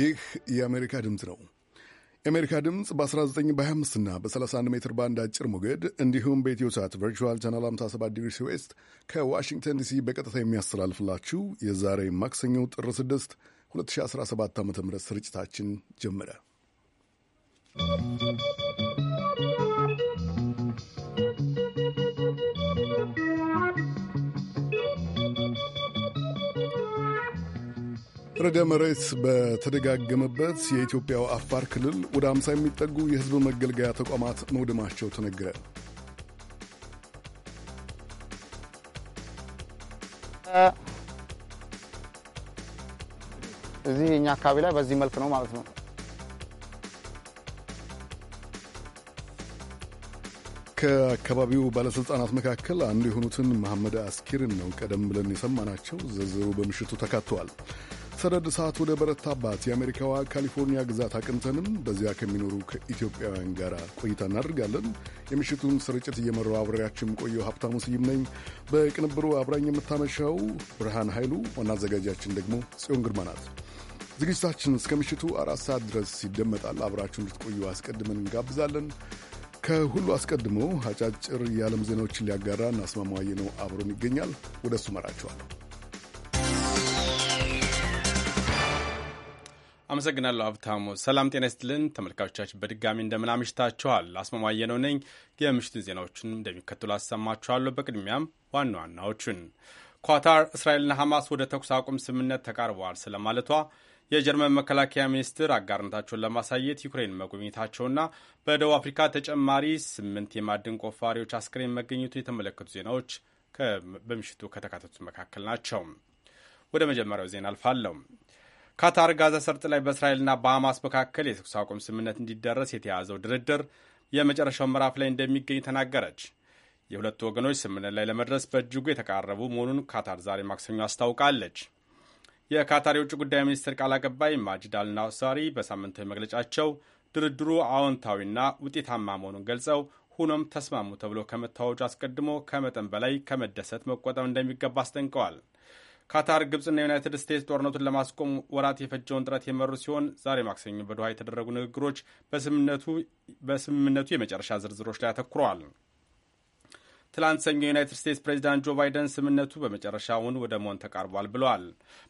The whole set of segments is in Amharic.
ይህ የአሜሪካ ድምፅ ነው። የአሜሪካ ድምፅ በ19 በ25 እና በ31 ሜትር ባንድ አጭር ሞገድ እንዲሁም ሳት ቨርቹዋል ቻናል 57 ዲግሪ ዌስት ከዋሽንግተን ዲሲ በቀጥታ የሚያስተላልፍላችሁ የዛሬ ማክሰኞ ጥር 6 2017 ዓ ም ስርጭታችን ጀመረ። ረደ መሬት በተደጋገመበት የኢትዮጵያው አፋር ክልል ወደ አምሳ የሚጠጉ የሕዝብ መገልገያ ተቋማት መውደማቸው ተነገረ። እዚህ እኛ አካባቢ ላይ በዚህ መልክ ነው ማለት ነው። ከአካባቢው ባለሥልጣናት መካከል አንዱ የሆኑትን መሐመድ አስኪርን ነው ቀደም ብለን የሰማናቸው። ዝርዝሩ በምሽቱ ተካተዋል። ሰደድ እሳት ወደ በረታባት የአሜሪካዋ ካሊፎርኒያ ግዛት አቅንተንም በዚያ ከሚኖሩ ከኢትዮጵያውያን ጋር ቆይታ እናደርጋለን። የምሽቱን ስርጭት እየመራው አብሬያችሁም ቆየው ሀብታሙ ስይም ነኝ። በቅንብሩ አብራኝ የምታመሻው ብርሃን ኃይሉ፣ ዋና አዘጋጃችን ደግሞ ጽዮን ግርማ ናት። ዝግጅታችን እስከ ምሽቱ አራት ሰዓት ድረስ ይደመጣል። አብራችሁ እንድትቆዩ አስቀድመን እንጋብዛለን። ከሁሉ አስቀድሞ አጫጭር የዓለም ዜናዎችን ሊያጋራ አስማማው ነው አብሮን ይገኛል። ወደ እሱ መራችኋለሁ። አመሰግናለሁ ሀብታሙ። ሰላም ጤና ይስጥልን ተመልካቾቻችን፣ በድጋሚ እንደምን አምሽታችኋል? አስማማየ ነው ነኝ። የምሽቱን ዜናዎችን እንደሚከተሉ አሰማችኋለሁ። በቅድሚያም ዋና ዋናዎቹን ኳታር እስራኤልና ሐማስ ወደ ተኩስ አቁም ስምምነት ተቃርበዋል ስለማለቷ፣ የጀርመን መከላከያ ሚኒስትር አጋርነታቸውን ለማሳየት ዩክሬን መጎብኘታቸውና በደቡብ አፍሪካ ተጨማሪ ስምንት የማዕድን ቆፋሪዎች አስክሬን መገኘቱ የተመለከቱ ዜናዎች በምሽቱ ከተካተቱት መካከል ናቸው። ወደ መጀመሪያው ዜና አልፋለሁ። ካታር ጋዛ ሰርጥ ላይ በእስራኤልና በሐማስ መካከል የተኩስ አቁም ስምምነት እንዲደረስ የተያዘው ድርድር የመጨረሻው ምዕራፍ ላይ እንደሚገኝ ተናገረች። የሁለቱ ወገኖች ስምምነት ላይ ለመድረስ በእጅጉ የተቃረቡ መሆኑን ካታር ዛሬ ማክሰኞ አስታውቃለች። የካታር የውጭ ጉዳይ ሚኒስትር ቃል አቀባይ ማጅድ አልናውሳሪ በሳምንታዊ መግለጫቸው ድርድሩ አዎንታዊና ውጤታማ መሆኑን ገልጸው ሆኖም ተስማሙ ተብሎ ከመታወጩ አስቀድሞ ከመጠን በላይ ከመደሰት መቆጠብ እንደሚገባ አስጠንቀዋል። ካታር፣ ግብፅና ዩናይትድ ስቴትስ ጦርነቱን ለማስቆም ወራት የፈጀውን ጥረት የመሩ ሲሆን ዛሬ ማክሰኞ በዱሃ የተደረጉ ንግግሮች በስምምነቱ የመጨረሻ ዝርዝሮች ላይ አተኩረዋል። ትላንት ሰኞ የዩናይትድ ስቴትስ ፕሬዚዳንት ጆ ባይደን ስምነቱ በመጨረሻውን ወደ መሆን ተቃርቧል ብለዋል።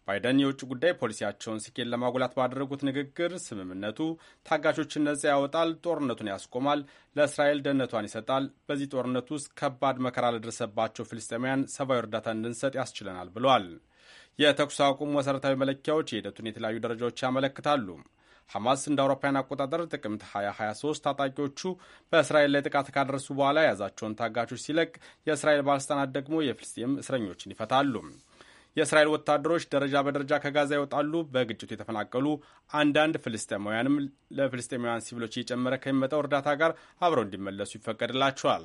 ባይደን የውጭ ጉዳይ ፖሊሲያቸውን ስኬት ለማጉላት ባደረጉት ንግግር ስምምነቱ ታጋቾችን ነጻ ያወጣል፣ ጦርነቱን ያስቆማል፣ ለእስራኤል ደህንነቷን ይሰጣል፣ በዚህ ጦርነት ውስጥ ከባድ መከራ ለደረሰባቸው ፍልስጤማውያን ሰብአዊ እርዳታ እንድንሰጥ ያስችለናል ብለዋል። የተኩስ አቁም መሠረታዊ መለኪያዎች የሂደቱን የተለያዩ ደረጃዎች ያመለክታሉ። ሐማስ እንደ አውሮፓውያን አቆጣጠር ጥቅምት 2023 ታጣቂዎቹ በእስራኤል ላይ ጥቃት ካደረሱ በኋላ የያዛቸውን ታጋቾች ሲለቅ፣ የእስራኤል ባለሥልጣናት ደግሞ የፍልስጤም እስረኞችን ይፈታሉ። የእስራኤል ወታደሮች ደረጃ በደረጃ ከጋዛ ይወጣሉ። በግጭቱ የተፈናቀሉ አንዳንድ ፍልስጤማውያንም ለፍልስጤማውያን ሲቪሎች እየጨመረ ከሚመጣው እርዳታ ጋር አብረው እንዲመለሱ ይፈቀድላቸዋል።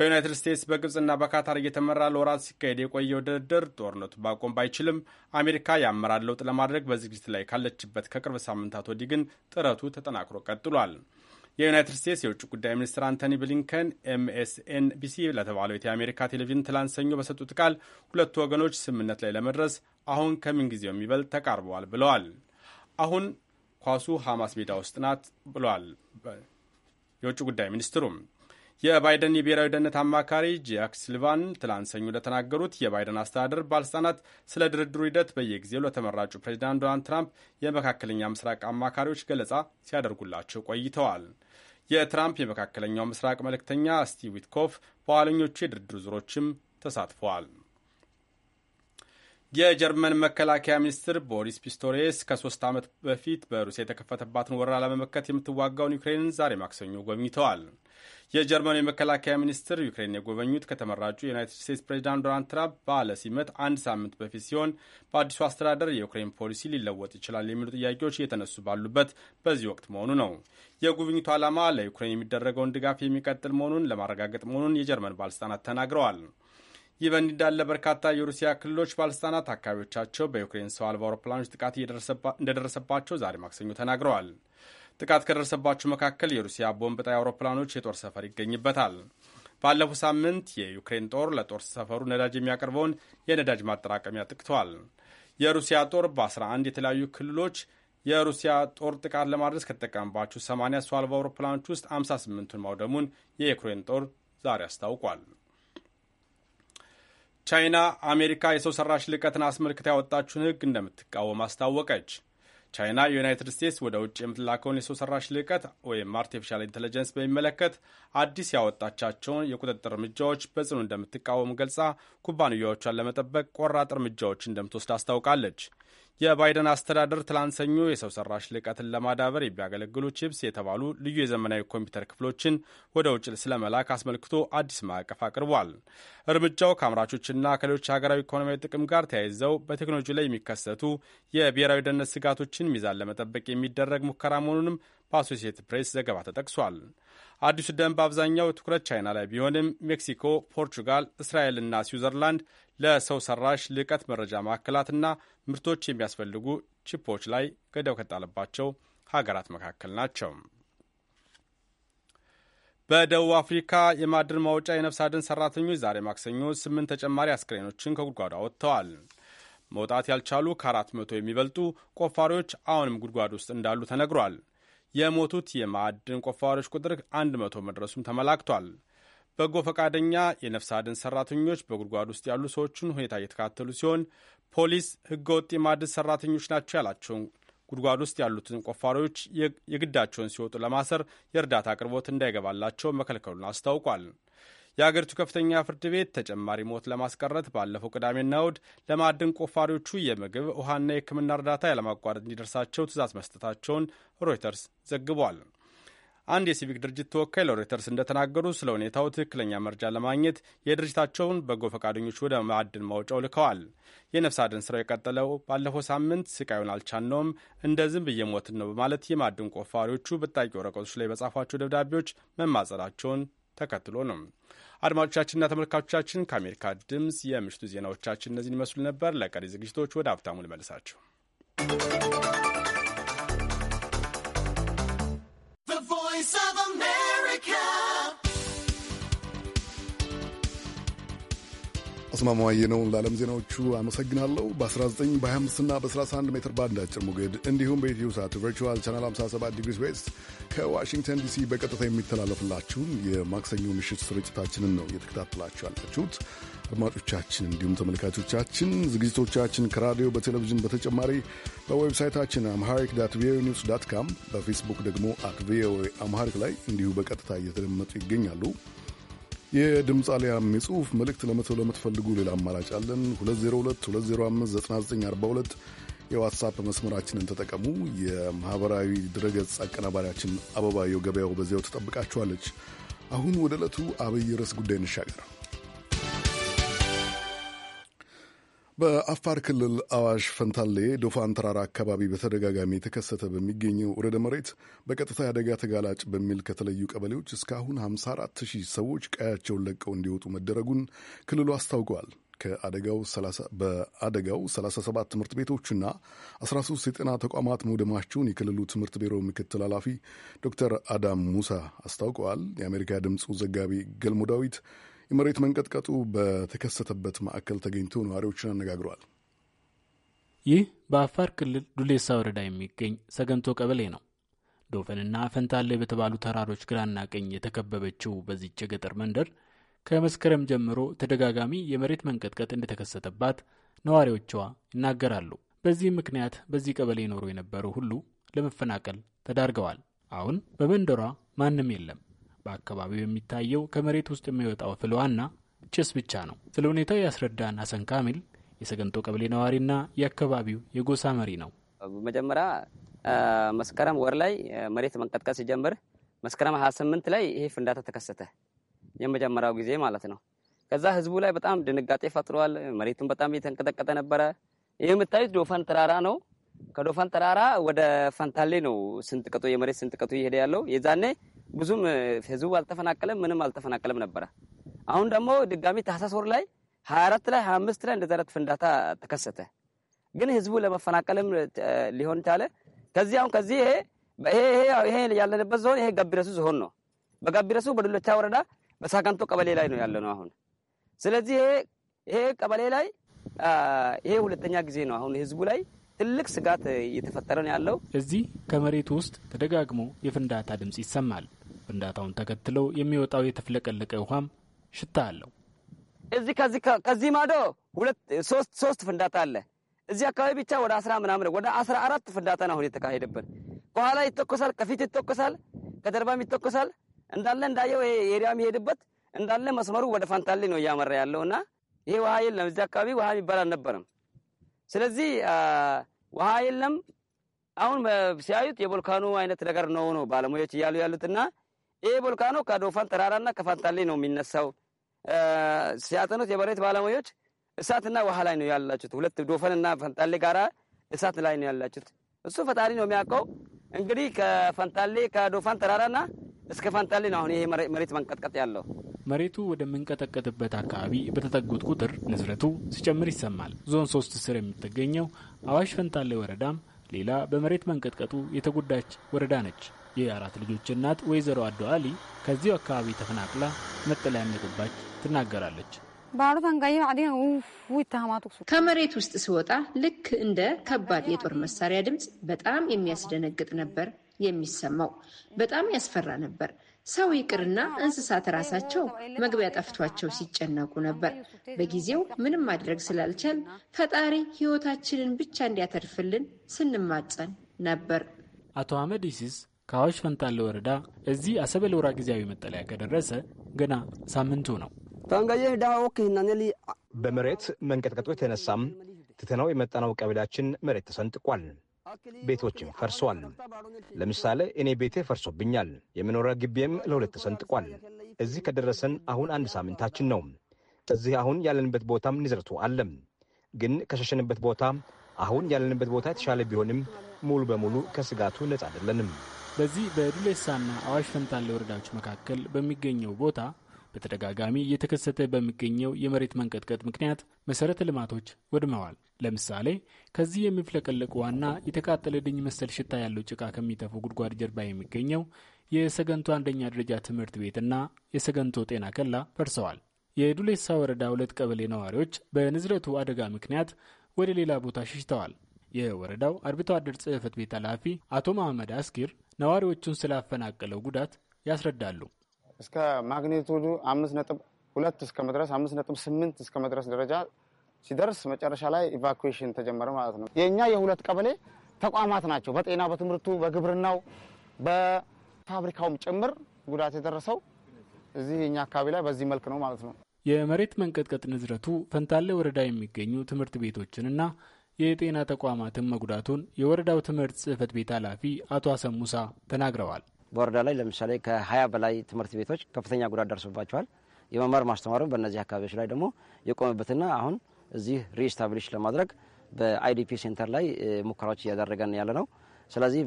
በዩናይትድ ስቴትስ በግብፅና በካታር እየተመራ ለወራት ሲካሄድ የቆየው ድርድር ጦርነቱ ማቆም ባይችልም አሜሪካ የአመራር ለውጥ ለማድረግ በዝግጅት ላይ ካለችበት ከቅርብ ሳምንታት ወዲህ ግን ጥረቱ ተጠናክሮ ቀጥሏል። የዩናይትድ ስቴትስ የውጭ ጉዳይ ሚኒስትር አንቶኒ ብሊንከን ኤምኤስኤንቢሲ ለተባለው የአሜሪካ ቴሌቪዥን ትላንት ሰኞ በሰጡት ቃል ሁለቱ ወገኖች ስምምነት ላይ ለመድረስ አሁን ከምንጊዜው የሚበልጥ ተቃርበዋል ብለዋል። አሁን ኳሱ ሐማስ ሜዳ ውስጥ ናት ብለዋል የውጭ ጉዳይ ሚኒስትሩም የባይደን የብሔራዊ ደህንነት አማካሪ ጃክ ሲልቫን ትላንት ሰኞ ለተናገሩት የባይደን አስተዳደር ባለስልጣናት ስለ ድርድሩ ሂደት በየጊዜው ለተመራጩ ፕሬዚዳንት ዶናልድ ትራምፕ የመካከለኛ ምስራቅ አማካሪዎች ገለጻ ሲያደርጉላቸው ቆይተዋል። የትራምፕ የመካከለኛው ምስራቅ መልእክተኛ ስቲቭ ዊትኮፍ በኋለኞቹ የድርድር ዙሮችም ተሳትፈዋል። የጀርመን መከላከያ ሚኒስትር ቦሪስ ፒስቶሬስ ከሶስት ዓመት በፊት በሩሲያ የተከፈተባትን ወረራ ለመመከት የምትዋጋውን ዩክሬንን ዛሬ ማክሰኞ ጎብኝተዋል። የጀርመኑ የመከላከያ ሚኒስትር ዩክሬን የጎበኙት ከተመራጩ የዩናይትድ ስቴትስ ፕሬዚዳንት ዶናልድ ትራምፕ በዓለ ሲመት አንድ ሳምንት በፊት ሲሆን በአዲሱ አስተዳደር የዩክሬን ፖሊሲ ሊለወጥ ይችላል የሚሉ ጥያቄዎች እየተነሱ ባሉበት በዚህ ወቅት መሆኑ ነው። የጉብኝቱ ዓላማ ለዩክሬን የሚደረገውን ድጋፍ የሚቀጥል መሆኑን ለማረጋገጥ መሆኑን የጀርመን ባለስልጣናት ተናግረዋል። ይህ በእንዲህ እንዳለ በርካታ የሩሲያ ክልሎች ባለስልጣናት አካባቢዎቻቸው በዩክሬን ሰው አልባ አውሮፕላኖች ጥቃት እንደደረሰባቸው ዛሬ ማክሰኞ ተናግረዋል። ጥቃት ከደረሰባቸው መካከል የሩሲያ ቦምብ ጣይ አውሮፕላኖች የጦር ሰፈር ይገኝበታል። ባለፈው ሳምንት የዩክሬን ጦር ለጦር ሰፈሩ ነዳጅ የሚያቀርበውን የነዳጅ ማጠራቀሚያ ጥቅቷል። የሩሲያ ጦር በ11 የተለያዩ ክልሎች የሩሲያ ጦር ጥቃት ለማድረስ ከተጠቀምባቸው 80 ሰው አልባ አውሮፕላኖች ውስጥ 58ቱን ማውደሙን የዩክሬን ጦር ዛሬ አስታውቋል። ቻይና አሜሪካ የሰው ሰራሽ ልቀትን አስመልክታ ያወጣችውን ሕግ እንደምትቃወም አስታወቀች። ቻይና የዩናይትድ ስቴትስ ወደ ውጭ የምትላከውን የሰው ሰራሽ ልቀት ወይም አርቲፊሻል ኢንቴሊጀንስ በሚመለከት አዲስ ያወጣቻቸውን የቁጥጥር እርምጃዎች በጽኑ እንደምትቃወም ገልጻ ኩባንያዎቿን ለመጠበቅ ቆራጥ እርምጃዎች እንደምትወስድ አስታውቃለች። የባይደን አስተዳደር ትላንት ሰኞ የሰው ሰራሽ ልቀትን ለማዳበር የሚያገለግሉ ቺፕስ የተባሉ ልዩ የዘመናዊ ኮምፒውተር ክፍሎችን ወደ ውጭ ስለመላክ አስመልክቶ አዲስ ማዕቀፍ አቅርቧል። እርምጃው ከአምራቾችና ከሌሎች ሀገራዊ ኢኮኖሚያዊ ጥቅም ጋር ተያይዘው በቴክኖሎጂ ላይ የሚከሰቱ የብሔራዊ ደህንነት ስጋቶችን ሚዛን ለመጠበቅ የሚደረግ ሙከራ መሆኑንም በአሶሲየትድ ፕሬስ ዘገባ ተጠቅሷል። አዲሱ ደንብ በአብዛኛው ትኩረት ቻይና ላይ ቢሆንም ሜክሲኮ፣ ፖርቹጋል፣ እስራኤልና ስዊዘርላንድ ለሰው ሰራሽ ልቀት መረጃ ማዕከላትና ምርቶች የሚያስፈልጉ ቺፖች ላይ ገደብ ከጣለባቸው ሀገራት መካከል ናቸው። በደቡብ አፍሪካ የማዕድን ማውጫ የነፍስ አድን ሰራተኞች ዛሬ ማክሰኞ ስምንት ተጨማሪ አስክሬኖችን ከጉድጓዱ አወጥተዋል። መውጣት ያልቻሉ ከአራት መቶ የሚበልጡ ቆፋሪዎች አሁንም ጉድጓድ ውስጥ እንዳሉ ተነግሯል። የሞቱት የማዕድን ቆፋሪዎች ቁጥር 100 መድረሱም ተመላክቷል። በጎ ፈቃደኛ የነፍስ አድን ሰራተኞች በጉድጓድ ውስጥ ያሉ ሰዎችን ሁኔታ እየተካተሉ ሲሆን ፖሊስ ህገወጥ የማዕድን ሰራተኞች ናቸው ያላቸውን ጉድጓድ ውስጥ ያሉትን ቆፋሪዎች የግዳቸውን ሲወጡ ለማሰር የእርዳታ አቅርቦት እንዳይገባላቸው መከልከሉን አስታውቋል። የአገሪቱ ከፍተኛ ፍርድ ቤት ተጨማሪ ሞት ለማስቀረት ባለፈው ቅዳሜና እሁድ ለማዕድን ቆፋሪዎቹ የምግብ ውሃና የሕክምና እርዳታ ያለማቋረጥ እንዲደርሳቸው ትእዛዝ መስጠታቸውን ሮይተርስ ዘግቧል። አንድ የሲቪክ ድርጅት ተወካይ ለሮይተርስ እንደተናገሩ ስለ ሁኔታው ትክክለኛ መረጃ ለማግኘት የድርጅታቸውን በጎ ፈቃደኞች ወደ ማዕድን ማውጫው ልከዋል። የነፍስ አድን ስራው የቀጠለው ባለፈው ሳምንት ስቃዩን አልቻነውም፣ እንደ ዝንብ እየሞትን ነው በማለት የማዕድን ቆፋሪዎቹ በጣቂ ወረቀቶች ላይ በጻፏቸው ደብዳቤዎች መማጸናቸውን ተከትሎ ነው። አድማጮቻችንና ተመልካቾቻችን ከአሜሪካ ድምፅ የምሽቱ ዜናዎቻችን እነዚህን ይመስሉ ነበር። ለቀሪ ዝግጅቶች ወደ ሀብታሙ you. አስማማው ነው። ለዓለም ዜናዎቹ አመሰግናለሁ። በ19 በ25ና በ31 ሜትር ባንድ አጭር ሞገድ እንዲሁም በኢትዮ ሳት ቨርቹዋል ቻናል 57 ዲግሪስ ዌስት ከዋሽንግተን ዲሲ በቀጥታ የሚተላለፍላችሁን የማክሰኞ ምሽት ስርጭታችንን ነው እየተከታተላችሁ ያላችሁት። አድማጮቻችን እንዲሁም ተመልካቾቻችን ዝግጅቶቻችን ከራዲዮ በቴሌቪዥን በተጨማሪ በዌብሳይታችን አምሃሪክ ዳት ቪኦኤ ኒውስ ዳት ካም በፌስቡክ ደግሞ አት ቪኦኤ አምሃሪክ ላይ እንዲሁ በቀጥታ እየተደመጡ ይገኛሉ። የድምፅ አሊያም የጽሁፍ መልእክት ለመተው ለምትፈልጉ ሌላ አማራጭ አለን። 2022059942 የዋትሳፕ መስመራችንን ተጠቀሙ። የማኅበራዊ ድረገጽ አቀናባሪያችን አበባየው ገበያው በዚያው ትጠብቃችኋለች። አሁን ወደ ዕለቱ አብይ ርዕስ ጉዳይ እንሻገር። በአፋር ክልል አዋሽ ፈንታሌ ዶፋን ተራራ አካባቢ በተደጋጋሚ የተከሰተ በሚገኘው ርዕደ መሬት በቀጥታ አደጋ ተጋላጭ በሚል ከተለዩ ቀበሌዎች እስካሁን 54 ሺህ ሰዎች ቀያቸውን ለቀው እንዲወጡ መደረጉን ክልሉ አስታውቀዋል። በአደጋው 37 ትምህርት ቤቶችና 13 የጤና ተቋማት መውደማቸውን የክልሉ ትምህርት ቢሮ ምክትል ኃላፊ ዶክተር አዳም ሙሳ አስታውቀዋል። የአሜሪካ ድምፁ ዘጋቢ ገልሞ ዳዊት የመሬት መንቀጥቀጡ በተከሰተበት ማዕከል ተገኝቶ ነዋሪዎችን አነጋግረዋል። ይህ በአፋር ክልል ዱሌሳ ወረዳ የሚገኝ ሰገንቶ ቀበሌ ነው። ዶፈንና ፈንታሌ በተባሉ ተራሮች ግራና ቀኝ የተከበበችው በዚች የገጠር መንደር ከመስከረም ጀምሮ ተደጋጋሚ የመሬት መንቀጥቀጥ እንደተከሰተባት ነዋሪዎቿ ይናገራሉ። በዚህ ምክንያት በዚህ ቀበሌ ኖሮ የነበሩ ሁሉ ለመፈናቀል ተዳርገዋል። አሁን በመንደሯ ማንም የለም። በአካባቢው የሚታየው ከመሬት ውስጥ የሚወጣው ፍልዋና ጭስ ብቻ ነው። ስለ ሁኔታው ያስረዳን ሀሰን ካሚል የሰገንጦ ቀበሌ ነዋሪና የአካባቢው የጎሳ መሪ ነው። በመጀመሪያ መስከረም ወር ላይ መሬት መንቀጥቀጥ ሲጀምር መስከረም 28 ላይ ይሄ ፍንዳታ ተከሰተ። የመጀመሪያው ጊዜ ማለት ነው። ከዛ ህዝቡ ላይ በጣም ድንጋጤ ፈጥሯል። መሬቱን በጣም እየተንቀጠቀጠ ነበረ። ይህ የምታዩት ዶፋን ተራራ ነው። ከዶፋን ተራራ ወደ ፈንታሌ ነው ስንጥቀቱ የመሬት ስንጥቀቱ እየሄደ ያለው የዛኔ ብዙም ህዝቡ አልተፈናቀለም፣ ምንም አልተፈናቀለም ነበረ። አሁን ደግሞ ድጋሚ ታህሳስ ወር ላይ 24 ላይ 25 ላይ እንደዛ አይነት ፍንዳታ ተከሰተ። ግን ህዝቡ ለመፈናቀልም ሊሆን ቻለ። ከዚህ አሁን ከዚህ ይሄ ይሄ ያለንበት ዞን ይሄ ጋቢረሱ ዞን ነው። በጋቢረሱ በዱለቻ ወረዳ በሳጋንቶ ቀበሌ ላይ ነው ያለ ነው አሁን። ስለዚህ ይሄ ይሄ ቀበሌ ላይ ይሄ ሁለተኛ ጊዜ ነው አሁን ህዝቡ ላይ ትልቅ ስጋት እየተፈጠረ ነው ያለው። እዚህ ከመሬቱ ውስጥ ተደጋግሞ የፍንዳታ ድምፅ ይሰማል። ፍንዳታውን ተከትለው የሚወጣው የተፍለቀለቀ ውሃም ሽታ አለው። እዚህ ከዚህ ማዶ ሁለት ሶስት ፍንዳታ አለ። እዚህ አካባቢ ብቻ ወደ አስራ ምናምን ወደ አስራ አራት ፍንዳታ ነው አሁን የተካሄደብን። ከኋላ ይተኮሳል፣ ከፊት ይተኮሳል፣ ከጀርባም ይተኮሳል። እንዳለ እንዳየው ኤሪያ የሚሄድበት እንዳለ መስመሩ ወደ ፋንታሌ ነው እያመራ ያለው እና ይሄ ውሃ የለም እዚህ አካባቢ ውሃ የሚባል አልነበረም። ስለዚህ ውሃ የለም። አሁን ሲያዩት የቮልካኑ አይነት ነገር ነው ነው ባለሙያዎች እያሉ ያሉትና ይህ ቮልካኖ ከዶፋን ተራራና ከፋንታሌ ነው የሚነሳው። ሲያጠኑት የመሬት ባለሙያዎች እሳትና ውሃ ላይ ነው ያላችሁት። ሁለት ዶፋንና ፈንታሌ ጋራ እሳት ላይ ነው ያላችሁት። እሱ ፈጣሪ ነው የሚያውቀው። እንግዲህ ከፈንታሌ ከዶፋን ተራራና እስከ ፈንታሌ ነው አሁን ይሄ መሬት መንቀጥቀጥ ያለው። መሬቱ ወደምንቀጠቀጥበት አካባቢ በተጠጉት ቁጥር ንዝረቱ ሲጨምር ይሰማል። ዞን ሶስት ስር የምትገኘው አዋሽ ፈንታሌ ወረዳም ሌላ በመሬት መንቀጥቀጡ የተጎዳች ወረዳ ነች። የአራት ልጆች እናት ወይዘሮ አዶ አሊ ከዚሁ አካባቢ ተፈናቅላ መጠለያ እንደገባች ትናገራለች። ከመሬት ውስጥ ስወጣ ልክ እንደ ከባድ የጦር መሳሪያ ድምፅ በጣም የሚያስደነግጥ ነበር የሚሰማው። በጣም ያስፈራ ነበር። ሰው ይቅርና እንስሳት ራሳቸው መግቢያ ጠፍቷቸው ሲጨነቁ ነበር። በጊዜው ምንም ማድረግ ስላልቻል ፈጣሪ ሕይወታችንን ብቻ እንዲያተርፍልን ስንማጸን ነበር። አቶ አህመድ ኢሲስ ከአዋሽ ፈንታሌ ወረዳ እዚህ አሰበል ወራ ጊዜያዊ መጠለያ ከደረሰ ገና ሳምንቱ ነው። በመሬት መንቀጥቀጡ የተነሳም ትተናው የመጣናው ቀበሌያችን መሬት ተሰንጥቋል። ቤቶችም ፈርሰዋል። ለምሳሌ እኔ ቤቴ ፈርሶብኛል። የመኖሪያ ግቢም ለሁለት ተሰንጥቋል። እዚህ ከደረሰን አሁን አንድ ሳምንታችን ነው። እዚህ አሁን ያለንበት ቦታም ንዝረቱ አለም ግን ከሸሸንበት ቦታ አሁን ያለንበት ቦታ የተሻለ ቢሆንም ሙሉ በሙሉ ከስጋቱ ነጻ አይደለንም። በዚህ በዱሌሳና አዋሽ ፈንታሌ ወረዳዎች መካከል በሚገኘው ቦታ በተደጋጋሚ እየተከሰተ በሚገኘው የመሬት መንቀጥቀጥ ምክንያት መሰረተ ልማቶች ወድመዋል። ለምሳሌ ከዚህ የሚፍለቀለቅ ዋና የተቃጠለ ድኝ መሰል ሽታ ያለው ጭቃ ከሚተፉ ጉድጓድ ጀርባ የሚገኘው የሰገንቶ አንደኛ ደረጃ ትምህርት ቤትና የሰገንቶ ጤና ከላ ፈርሰዋል። የዱሌሳ ወረዳ ሁለት ቀበሌ ነዋሪዎች በንዝረቱ አደጋ ምክንያት ወደ ሌላ ቦታ ሸሽተዋል። የወረዳው አርብቶ አደር ጽህፈት ቤት ኃላፊ አቶ መሐመድ አስኪር ነዋሪዎቹን ስላፈናቀለው ጉዳት ያስረዳሉ። እስከ ማግኒቱዱ አምስት ነጥብ ሁለት እስከ መድረስ አምስት ነጥብ ስምንት እስከ መድረስ ደረጃ ሲደርስ መጨረሻ ላይ ኢቫኩዌሽን ተጀመረ ማለት ነው። የእኛ የሁለት ቀበሌ ተቋማት ናቸው። በጤና በትምህርቱ፣ በግብርናው፣ በፋብሪካውም ጭምር ጉዳት የደረሰው እዚህ የእኛ አካባቢ ላይ በዚህ መልክ ነው ማለት ነው። የመሬት መንቀጥቀጥ ንዝረቱ ፈንታሌ ወረዳ የሚገኙ ትምህርት ቤቶችንና የጤና ተቋማትን መጉዳቱን የወረዳው ትምህርት ጽህፈት ቤት ኃላፊ አቶ አሰሙሳ ተናግረዋል። በወረዳ ላይ ለምሳሌ ከሀያ በላይ ትምህርት ቤቶች ከፍተኛ ጉዳት ደርሶባቸዋል። የመማር ማስተማሩን በእነዚህ አካባቢዎች ላይ ደግሞ የቆመበትና አሁን እዚህ ሪስታብሊሽ ለማድረግ በአይዲፒ ሴንተር ላይ ሙከራዎች እያደረገን ያለ ነው። ስለዚህ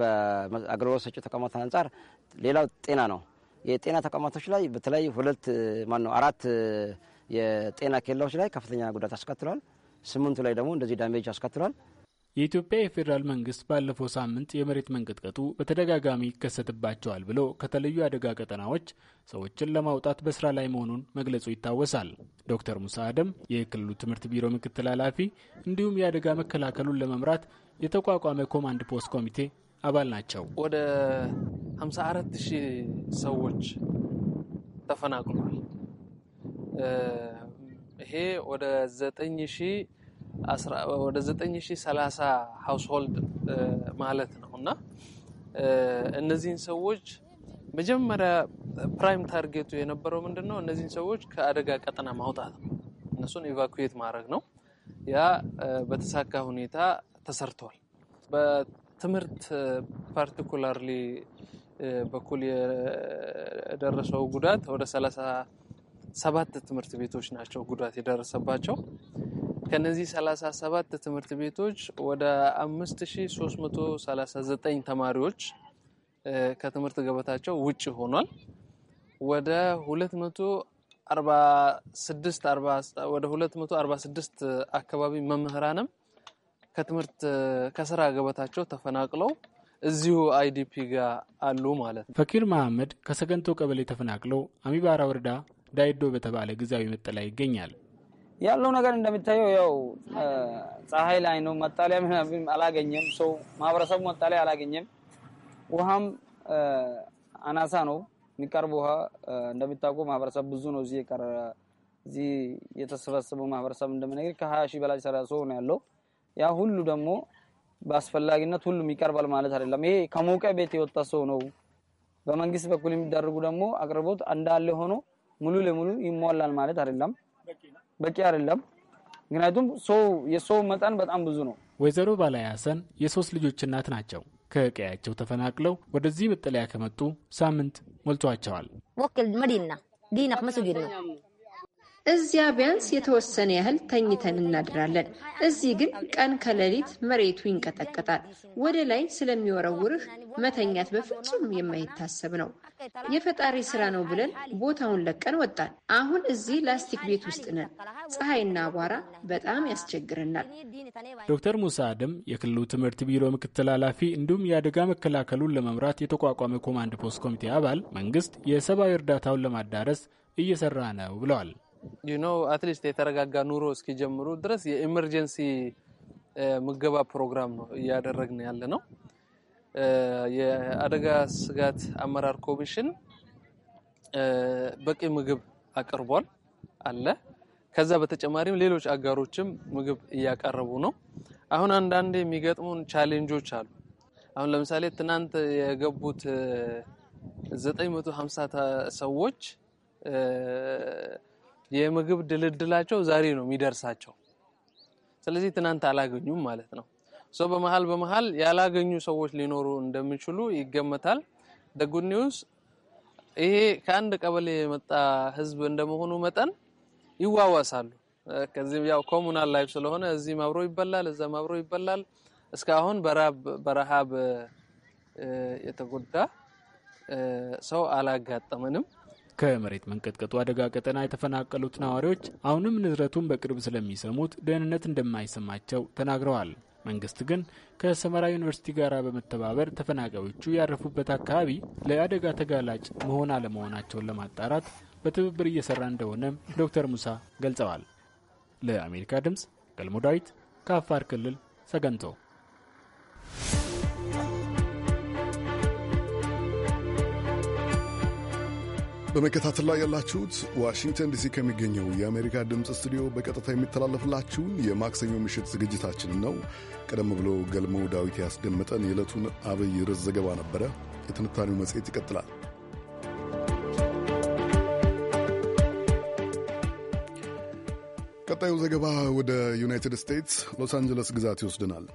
በአገልግሎት ሰጪ ተቋማት አንጻር ሌላው ጤና ነው። የጤና ተቋማቶች ላይ በተለይ ሁለት ማነው አራት የጤና ኬላዎች ላይ ከፍተኛ ጉዳት አስከትሏል። ስምንቱ ላይ ደግሞ እንደዚህ ዳሜጅ አስከትሏል። የኢትዮጵያ የፌዴራል መንግስት ባለፈው ሳምንት የመሬት መንቀጥቀጡ በተደጋጋሚ ይከሰትባቸዋል ብሎ ከተለዩ አደጋ ቀጠናዎች ሰዎችን ለማውጣት በስራ ላይ መሆኑን መግለጹ ይታወሳል። ዶክተር ሙሳ አደም የክልሉ ትምህርት ቢሮ ምክትል ኃላፊ እንዲሁም የአደጋ መከላከሉን ለመምራት የተቋቋመ ኮማንድ ፖስት ኮሚቴ አባል ናቸው። ወደ 54 ሺህ ሰዎች ተፈናቅሏል። ይሄ ወደ 9 ሺህ ወደ 9030 ሃውስሆልድ ማለት ነው እና እነዚህን ሰዎች መጀመሪያ ፕራይም ታርጌቱ የነበረው ምንድነው? እነዚህን ሰዎች ከአደጋ ቀጠና ማውጣት ነው። እነሱን ኢቫኩዌት ማድረግ ነው። ያ በተሳካ ሁኔታ ተሰርቷል። በትምህርት ፓርቲኩላርሊ በኩል የደረሰው ጉዳት ወደ 37 ትምህርት ቤቶች ናቸው ጉዳት የደረሰባቸው። ከነዚህ 37 ትምህርት ቤቶች ወደ 5339 ተማሪዎች ከትምህርት ገበታቸው ውጪ ሆኗል። ወደ 246 ወደ 246 አካባቢ መምህራንም ከትምህርት ከስራ ገበታቸው ተፈናቅለው እዚሁ አይዲፒ ጋር አሉ ማለት ነው። ፈኪር መሀመድ ከሰገንቶ ቀበሌ ተፈናቅለው አሚባራ ወረዳ ዳይዶ በተባለ ጊዜያዊ መጠለያ ይገኛል። ያለው ነገር እንደሚታየው ያው ፀሐይ ላይ ነው። መጣሊያ አላገኘም ሰው ማህበረሰቡ መጣሊያ አላገኘም። ውሃም አናሳ ነው የሚቀርብ ውሃ እንደሚታወቀው ማህበረሰብ ብዙ ነው። እዚህ የቀረ እዚህ የተሰበሰበው ማህበረሰብ እንደምነግር ከሀያ ሺህ በላይ ሰው ነው ያለው። ያ ሁሉ ደግሞ በአስፈላጊነት ሁሉም ይቀርባል ማለት አይደለም። ይሄ ከሞቀ ቤት የወጣ ሰው ነው። በመንግስት በኩል የሚደረጉ ደግሞ አቅርቦት እንዳለ ሆኖ ሙሉ ለሙሉ ይሟላል ማለት አይደለም። በቂ አይደለም። ምክንያቱም ሰው የሰው መጠን በጣም ብዙ ነው። ወይዘሮ ባላይ ሀሰን የሶስት ልጆች እናት ናቸው። ከቀያቸው ተፈናቅለው ወደዚህ መጠለያ ከመጡ ሳምንት ሞልቷቸዋል። ወክል መዲና ዲና መሱጊድ ነው እዚያ ቢያንስ የተወሰነ ያህል ተኝተን እናድራለን። እዚህ ግን ቀን ከሌሊት መሬቱ ይንቀጠቀጣል። ወደ ላይ ስለሚወረውርህ መተኛት በፍጹም የማይታሰብ ነው። የፈጣሪ ስራ ነው ብለን ቦታውን ለቀን ወጣን። አሁን እዚህ ላስቲክ ቤት ውስጥ ነን። ፀሐይና አቧራ በጣም ያስቸግረናል። ዶክተር ሙሳ አደም የክልሉ ትምህርት ቢሮ ምክትል ኃላፊ እንዲሁም የአደጋ መከላከሉን ለመምራት የተቋቋመ ኮማንድ ፖስት ኮሚቴ አባል መንግስት የሰብአዊ እርዳታውን ለማዳረስ እየሰራ ነው ብለዋል። አትሊስት የተረጋጋ ኑሮ እስኪጀምሩ ድረስ የኢመርጀንሲ ምገባ ፕሮግራም ነው እያደረግን ያለ ነው። የአደጋ ስጋት አመራር ኮሚሽን በቂ ምግብ አቅርቧል አለ። ከዛ በተጨማሪም ሌሎች አጋሮችም ምግብ እያቀረቡ ነው። አሁን አንዳንዴ የሚገጥሙን ቻሌንጆች አሉ። አሁን ለምሳሌ ትናንት የገቡት 950 ሰዎች የምግብ ድልድላቸው ዛሬ ነው የሚደርሳቸው። ስለዚህ ትናንት አላገኙም ማለት ነው። ሶ በመሃል በመሃል ያላገኙ ሰዎች ሊኖሩ እንደሚችሉ ይገመታል። ደጉድ ኒውስ ይሄ ከአንድ ቀበሌ የመጣ ህዝብ እንደመሆኑ መጠን ይዋዋሳሉ። ከዚህ ያው ኮሙናል ላይፍ ስለሆነ እዚህም አብሮ ይበላል፣ እዛም አብሮ ይበላል። እስካሁን በራብ በረሃብ የተጎዳ ሰው አላጋጠመንም። ከመሬት መንቀጥቀጡ አደጋ ቀጠና የተፈናቀሉት ነዋሪዎች አሁንም ንዝረቱን በቅርብ ስለሚሰሙት ደህንነት እንደማይሰማቸው ተናግረዋል። መንግስት ግን ከሰመራ ዩኒቨርሲቲ ጋር በመተባበር ተፈናቃዮቹ ያረፉበት አካባቢ ለአደጋ ተጋላጭ መሆን አለመሆናቸውን ለማጣራት በትብብር እየሰራ እንደሆነም ዶክተር ሙሳ ገልጸዋል። ለአሜሪካ ድምፅ ገልሞ ዳዊት ከአፋር ክልል ሰገንቶ በመከታተል ላይ ያላችሁት ዋሽንግተን ዲሲ ከሚገኘው የአሜሪካ ድምፅ ስቱዲዮ በቀጥታ የሚተላለፍላችሁን የማክሰኞ ምሽት ዝግጅታችንን ነው። ቀደም ብሎ ገልመው ዳዊት ያስደመጠን የዕለቱን አብይ ርዕስ ዘገባ ነበረ። የትንታኔው መጽሔት ይቀጥላል። ቀጣዩ ዘገባ ወደ ዩናይትድ ስቴትስ ሎስ አንጀለስ ግዛት ይወስደናል።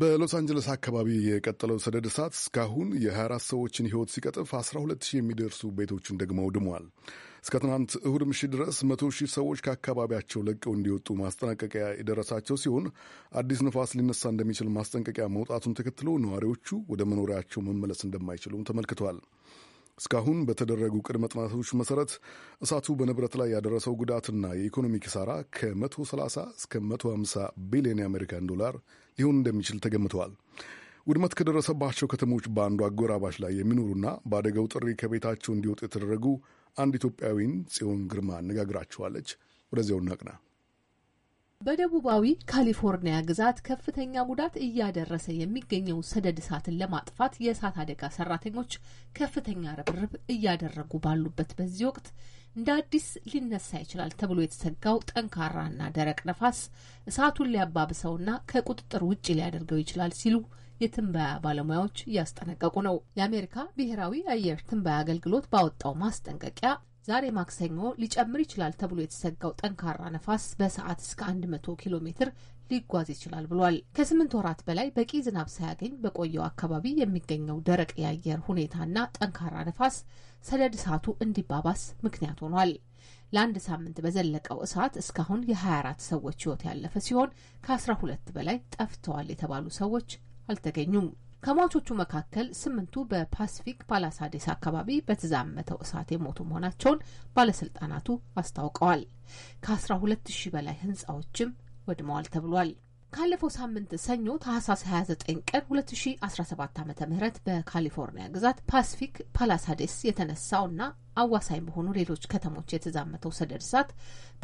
በሎስ አንጀለስ አካባቢ የቀጠለው ሰደድ እሳት እስካሁን የ24 ሰዎችን ሕይወት ሲቀጥፍ 120 የሚደርሱ ቤቶችን ደግሞ አውድሟል። እስከ ትናንት እሁድ ምሽት ድረስ 100 ሺህ ሰዎች ከአካባቢያቸው ለቀው እንዲወጡ ማስጠናቀቂያ የደረሳቸው ሲሆን አዲስ ንፋስ ሊነሳ እንደሚችል ማስጠንቀቂያ መውጣቱን ተከትሎ ነዋሪዎቹ ወደ መኖሪያቸው መመለስ እንደማይችሉም ተመልክቷል። እስካሁን በተደረጉ ቅድመ ጥናቶች መሠረት እሳቱ በንብረት ላይ ያደረሰው ጉዳትና የኢኮኖሚ ኪሳራ ከ130 እስከ 150 ቢሊዮን የአሜሪካን ዶላር ሊሆን እንደሚችል ተገምተዋል። ውድመት ከደረሰባቸው ከተሞች በአንዱ አጎራባች ላይ የሚኖሩና በአደጋው ጥሪ ከቤታቸው እንዲወጡ የተደረጉ አንድ ኢትዮጵያዊን ጽዮን ግርማ አነጋግራቸዋለች። ወደዚያው እናቅና። በደቡባዊ ካሊፎርኒያ ግዛት ከፍተኛ ጉዳት እያደረሰ የሚገኘው ሰደድ እሳትን ለማጥፋት የእሳት አደጋ ሰራተኞች ከፍተኛ ርብርብ እያደረጉ ባሉበት በዚህ ወቅት እንደ አዲስ ሊነሳ ይችላል ተብሎ የተሰጋው ጠንካራና ደረቅ ነፋስ እሳቱን ሊያባብሰውና ከቁጥጥር ውጭ ሊያደርገው ይችላል ሲሉ የትንበያ ባለሙያዎች እያስጠነቀቁ ነው። የአሜሪካ ብሔራዊ አየር ትንበያ አገልግሎት ባወጣው ማስጠንቀቂያ ዛሬ ማክሰኞ ሊጨምር ይችላል ተብሎ የተሰጋው ጠንካራ ነፋስ በሰዓት እስከ 100 ኪሎ ሜትር ሊጓዝ ይችላል ብሏል። ከስምንት ወራት በላይ በቂ ዝናብ ሳያገኝ በቆየው አካባቢ የሚገኘው ደረቅ የአየር ሁኔታና ጠንካራ ነፋስ ሰደድ እሳቱ እንዲባባስ ምክንያት ሆኗል። ለአንድ ሳምንት በዘለቀው እሳት እስካሁን የ24 ሰዎች ሕይወት ያለፈ ሲሆን ከ12 በላይ ጠፍተዋል የተባሉ ሰዎች አልተገኙም። ከሟቾቹ መካከል ስምንቱ በፓሲፊክ ፓላሳዴስ አካባቢ በተዛመተው እሳት የሞቱ መሆናቸውን ባለስልጣናቱ አስታውቀዋል። ከ12 ሺህ በላይ ህንጻዎችም ወድመዋል ተብሏል። ካለፈው ሳምንት ሰኞ ታህሳስ 29 ቀን 2017 ዓ ም በካሊፎርኒያ ግዛት ፓስፊክ ፓላሳዴስ የተነሳው ና አዋሳኝ በሆኑ ሌሎች ከተሞች የተዛመተው ሰደድ እሳት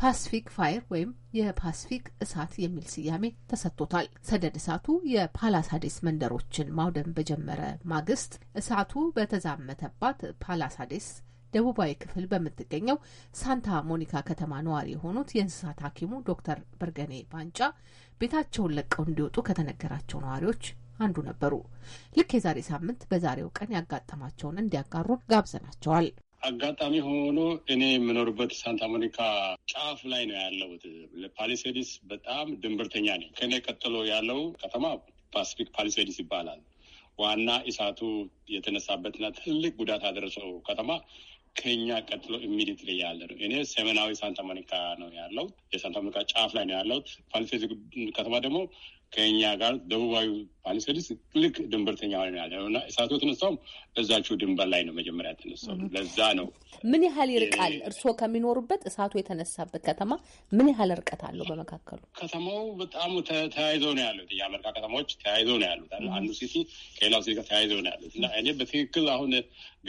ፓስፊክ ፋየር ወይም የፓስፊክ እሳት የሚል ስያሜ ተሰጥቶታል። ሰደድ እሳቱ የፓላሳዴስ መንደሮችን ማውደም በጀመረ ማግስት እሳቱ በተዛመተባት ፓላሳዴስ ደቡባዊ ክፍል በምትገኘው ሳንታ ሞኒካ ከተማ ነዋሪ የሆኑት የእንስሳት ሐኪሙ ዶክተር በርገኔ ባንጫ ቤታቸውን ለቀው እንዲወጡ ከተነገራቸው ነዋሪዎች አንዱ ነበሩ። ልክ የዛሬ ሳምንት በዛሬው ቀን ያጋጠማቸውን እንዲያጋሩ ጋብዘናቸዋል። አጋጣሚ ሆኖ እኔ የምኖርበት ሳንታ ሞኒካ ጫፍ ላይ ነው ያለሁት። ለፓሊሴዲስ በጣም ድንብርተኛ ነኝ። ከኔ ቀጥሎ ያለው ከተማ ፓሲፊክ ፓሊሴዲስ ይባላል። ዋና እሳቱ የተነሳበትና ትልቅ ጉዳት ያደረሰው ከተማ ከኛ ቀጥሎ ኢሚዲትሊ ያለ ነው። እኔ ሰሜናዊ ሳንታ ሞኒካ ነው ያለው። የሳንታ ሞኒካ ጫፍ ላይ ነው ያለው። ፓልፌዝ ከተማ ደግሞ ከኛ ጋር ደቡባዊ ፓኒሰዲስ ልክ ድንበርተኛ ሆነ ያለ እና እሳቱ የተነሳውም እዛችሁ ድንበር ላይ ነው መጀመሪያ የተነሳው። ለዛ ነው ምን ያህል ይርቃል? እርስዎ ከሚኖሩበት እሳቱ የተነሳበት ከተማ ምን ያህል እርቀት አለው? በመካከሉ ከተማው በጣም ተያይዘው ነው ያሉት። የአሜሪካ ከተማዎች ተያይዘው ነው ያሉት። አንዱ ሲቲ ከሌላው ሲቲ ጋር ተያይዘው ነው ያሉት እና እኔ በትክክል አሁን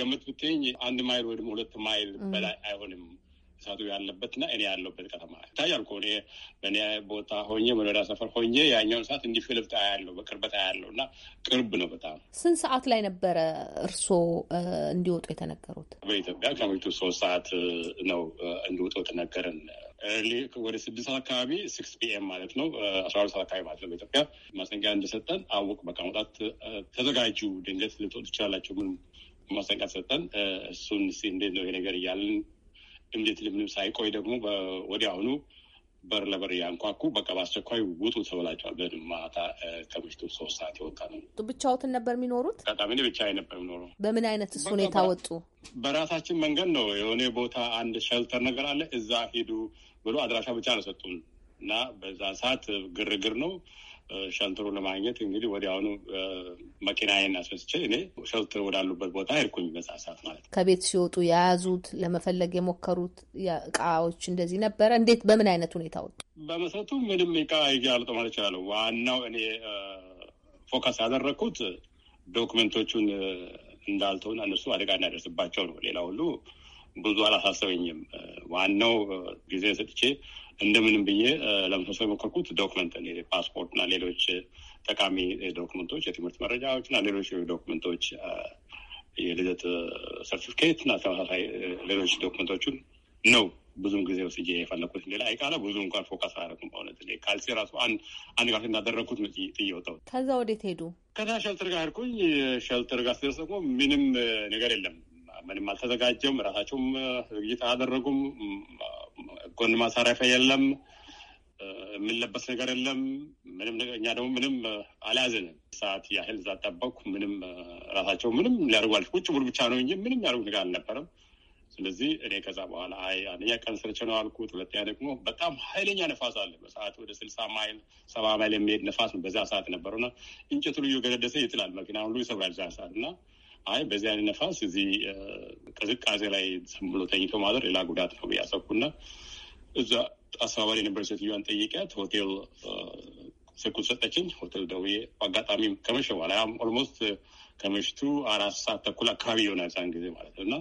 ገመት ብትኝ አንድ ማይል ወይ ደግሞ ሁለት ማይል በላይ አይሆንም እሳቱ እና እኔ ያለበት ከተማ ይታያል እኮ እኔ በእኔ ቦታ ሆኜ መኖሪያ ሰፈር ሆኜ ያኛውን ሰዓት እንዲፍልብጥ አያለው በቅርበት አያለው እና ቅርብ ነው በጣም። ስንት ሰዓት ላይ ነበረ እርስዎ እንዲወጡ የተነገሩት? በኢትዮጵያ ከምሽቱ ሶስት ሰዓት ነው እንዲወጡ የተነገረን። ወደ ስድስት ሰዓት አካባቢ ሲክስ ፒኤም ማለት ነው አስራ ሁለት ሰዓት አካባቢ ማለት ነው በኢትዮጵያ ማስጠንቀቂያ እንደሰጠን አወቅ በቃ መውጣት ተዘጋጁ፣ ድንገት ልትወጡ ትችላላችሁ ምን ማስጠንቀቂያ ሰጠን። እሱን እንዴት ነው ይሄ ነገር እያለን እንዴት ልምንም ሳይቆይ ደግሞ ወዲያውኑ በር ለበር ያንኳኩ፣ በቃ በአስቸኳይ ውጡ ተብላቸዋል። ማታ ከምሽቱ ሶስት ሰዓት የወጣ ነው። ብቻዎትን ነበር የሚኖሩት? በጣም እኔ ብቻዬን ነበር የሚኖረው። በምን አይነት እሱ ሁኔታ ወጡ? በራሳችን መንገድ ነው። የሆነ ቦታ አንድ ሸልተር ነገር አለ፣ እዛ ሄዱ ብሎ አድራሻ ብቻ ነው እና በዛ ሰዓት ግርግር ነው ሸልትሩ ለማግኘት እንግዲህ ወዲያውኑ መኪናዬን አስወስቼ እኔ ሸልትር ወዳሉበት ቦታ ሄድኩኝ። በዛ ሰዓት ማለት ከቤት ሲወጡ የያዙት ለመፈለግ የሞከሩት እቃዎች እንደዚህ ነበረ። እንዴት በምን አይነት ሁኔታ ወጡ? በመሰረቱ ምንም እቃ ይዣለሁ ማለት ዋናው እኔ ፎከስ ያደረግኩት ዶክመንቶቹን እንዳልተሆነ እነሱ አደጋ እንዳይደርስባቸው ነው። ሌላ ሁሉ ብዙ አላሳሰበኝም። ዋናው ጊዜ ሰጥቼ እንደምንም ብዬ ለመሰብሰብ የሞከርኩት ዶክመንት ፓስፖርት እና ሌሎች ጠቃሚ ዶክመንቶች፣ የትምህርት መረጃዎች እና ሌሎች ዶክመንቶች፣ የልደት ሰርቲፊኬት እና ተመሳሳይ ሌሎች ዶክመንቶቹን ነው ብዙም ጊዜ ወስጄ የፈለኩት። ሌላ አይቃለ ብዙ እንኳን ፎከስ አላደረኩም። በእውነት ካልሲ ራሱ አንድ ካልሲ እንዳደረግኩት ጥየወጠው። ከዛ ወዴት ሄዱ? ከዛ ሸልተር ጋር ሄድኩኝ። ሸልተር ጋር ስደርስ ደግሞ ምንም ነገር የለም ምንም አልተዘጋጀም። ራሳቸውም ዝግጅት አያደረጉም። ጎን ማሳረፊያ የለም። የምንለበስ ነገር የለም። ምንም እኛ ደግሞ ምንም አልያዝንም። ሰዓት ያህል እዛ ጠበቅኩ። ምንም ራሳቸው ምንም ሊያደርጉ አልች ቁጭ ብሉ ብቻ ነው እንጂ ምንም ያደርጉ ነገር አልነበረም። ስለዚህ እኔ ከዛ በኋላ አይ አንደኛ ቀን ስርች ነው አልኩት። ሁለተኛ ደግሞ በጣም ኃይለኛ ነፋስ አለ። በሰዓት ወደ ስልሳ ማይል ሰባ ማይል የሚሄድ ነፋስ ነው በዛ ሰዓት ነበረውና እንጨቱ ልዩ ገደደሰ ይጥላል፣ መኪና ሁሉ ይሰብራል ዛ ሰዓት እና አይ በዚህ አይነት ነፋስ እዚህ ቅዝቃዜ ላይ ዝም ብሎ ተኝቶ ማደር ሌላ ጉዳት ነው ብዬ አሰብኩና እዛ አስተባባሪ የነበረ ሴትዮዋን ጠይቂያት ሆቴል ስልኩን ሰጠችኝ። ሆቴል ደውዬ አጋጣሚ ከመሸ በኋላ ኦልሞስት ከምሽቱ አራት ሰዓት ተኩል አካባቢ የሆነ ዛን ጊዜ ማለት ነው እና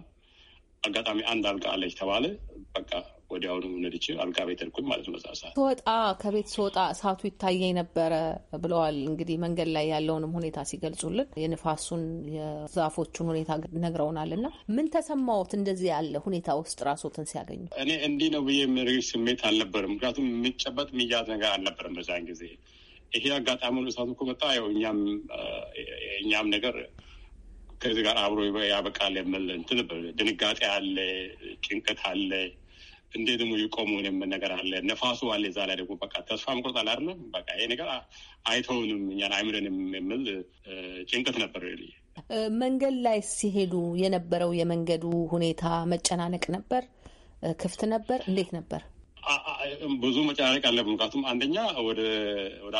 አጋጣሚ አንድ አልጋ አለች ተባለ። በቃ ወዲያውኑ ነድቼ አልጋ ቤት ሄድኩኝ ማለት ነው። በዛ ሰዓት ስወጣ ከቤት ስወጣ እሳቱ ይታየኝ ነበረ ብለዋል። እንግዲህ መንገድ ላይ ያለውንም ሁኔታ ሲገልጹልን የንፋሱን የዛፎቹን ሁኔታ ነግረውናል። እና ምን ተሰማዎት እንደዚህ ያለ ሁኔታ ውስጥ ራሶትን ሲያገኙ? እኔ እንዲህ ነው ብዬ የምርግ ስሜት አልነበርም። ምክንያቱም የሚጨበጥ የሚያዝ ነገር አልነበርም በዛን ጊዜ። ይሄ አጋጣሚ እሳቱ ከመጣ ያው እኛም ነገር ከዚህ ጋር አብሮ ያበቃል የምል እንትን ድንጋጤ አለ፣ ጭንቀት አለ እንዴት ደግሞ ይቆሙ የምን ነገር አለ። ነፋሱ አለ። እዛ ላይ ደግሞ በቃ ተስፋ መቁረጥ አይደለም። በቃ ይሄ ነገር አይተውንም እኛን አይምረንም የሚል ጭንቀት ነበር። መንገድ ላይ ሲሄዱ የነበረው የመንገዱ ሁኔታ መጨናነቅ ነበር። ክፍት ነበር። እንዴት ነበር? ብዙ መጨናነቅ አለ። ምክንያቱም አንደኛ ወደ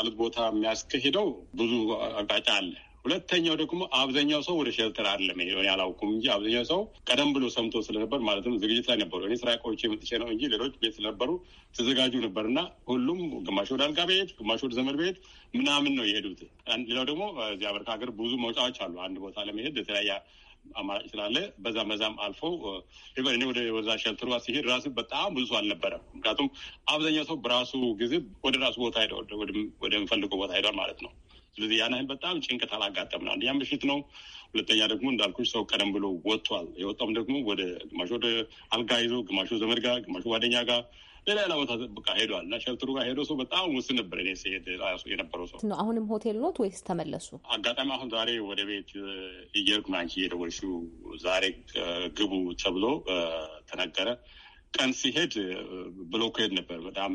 አሉት ቦታ የሚያስከሄደው ብዙ አቅጣጫ አለ ሁለተኛው ደግሞ አብዛኛው ሰው ወደ ሸልተር አለ ሆ አላውኩም እንጂ አብዛኛው ሰው ቀደም ብሎ ሰምቶ ስለነበር ማለትም ዝግጅት ላይ ነበሩ። እኔ ስራ እቃዎቼ መጥቼ ነው እንጂ ሌሎች ቤት ስለነበሩ ተዘጋጁ ነበር እና ሁሉም ግማሽ ወደ አልጋ ቤት፣ ግማሽ ወደ ዘመድ ቤት ምናምን ነው የሄዱት። ሌላው ደግሞ እዚህ አሜሪካ ሀገር ብዙ መውጫዎች አሉ። አንድ ቦታ ለመሄድ የተለያየ አማራጭ ስላለ በዛ መዛም አልፎ እኔ ወደ ሲሄድ ራሱ በጣም ብዙ ሰው አልነበረም። ምክንያቱም አብዛኛው ሰው በራሱ ጊዜ ወደ ራሱ ቦታ ሄደ፣ ወደሚፈልገው ቦታ ሄዷል ማለት ነው። ስለዚህ ያን ያህል በጣም ጭንቀት አላጋጠምና አንደኛም በፊት ነው። ሁለተኛ ደግሞ እንዳልኩሽ ሰው ቀደም ብሎ ወጥቷል። የወጣውም ደግሞ ወደ ግማሽ ወደ አልጋ ይዞ፣ ግማሹ ዘመድ ጋር፣ ግማሹ ጓደኛ ጋር ሌላ ቦታ በቃ ሄዷል እና ሸልተሩ ጋር ሄዶ ሰው በጣም ውስን ነበር። እኔ ስሄድ የነበረው ሰው ነው። አሁንም ሆቴል ኖት ወይስ ተመለሱ? አጋጣሚ አሁን ዛሬ ወደ ቤት እየሄድኩ ነው። አንቺ የደወልሽው ዛሬ ግቡ ተብሎ ተነገረ። ቀን ሲሄድ ብሎኮሄድ ነበር በጣም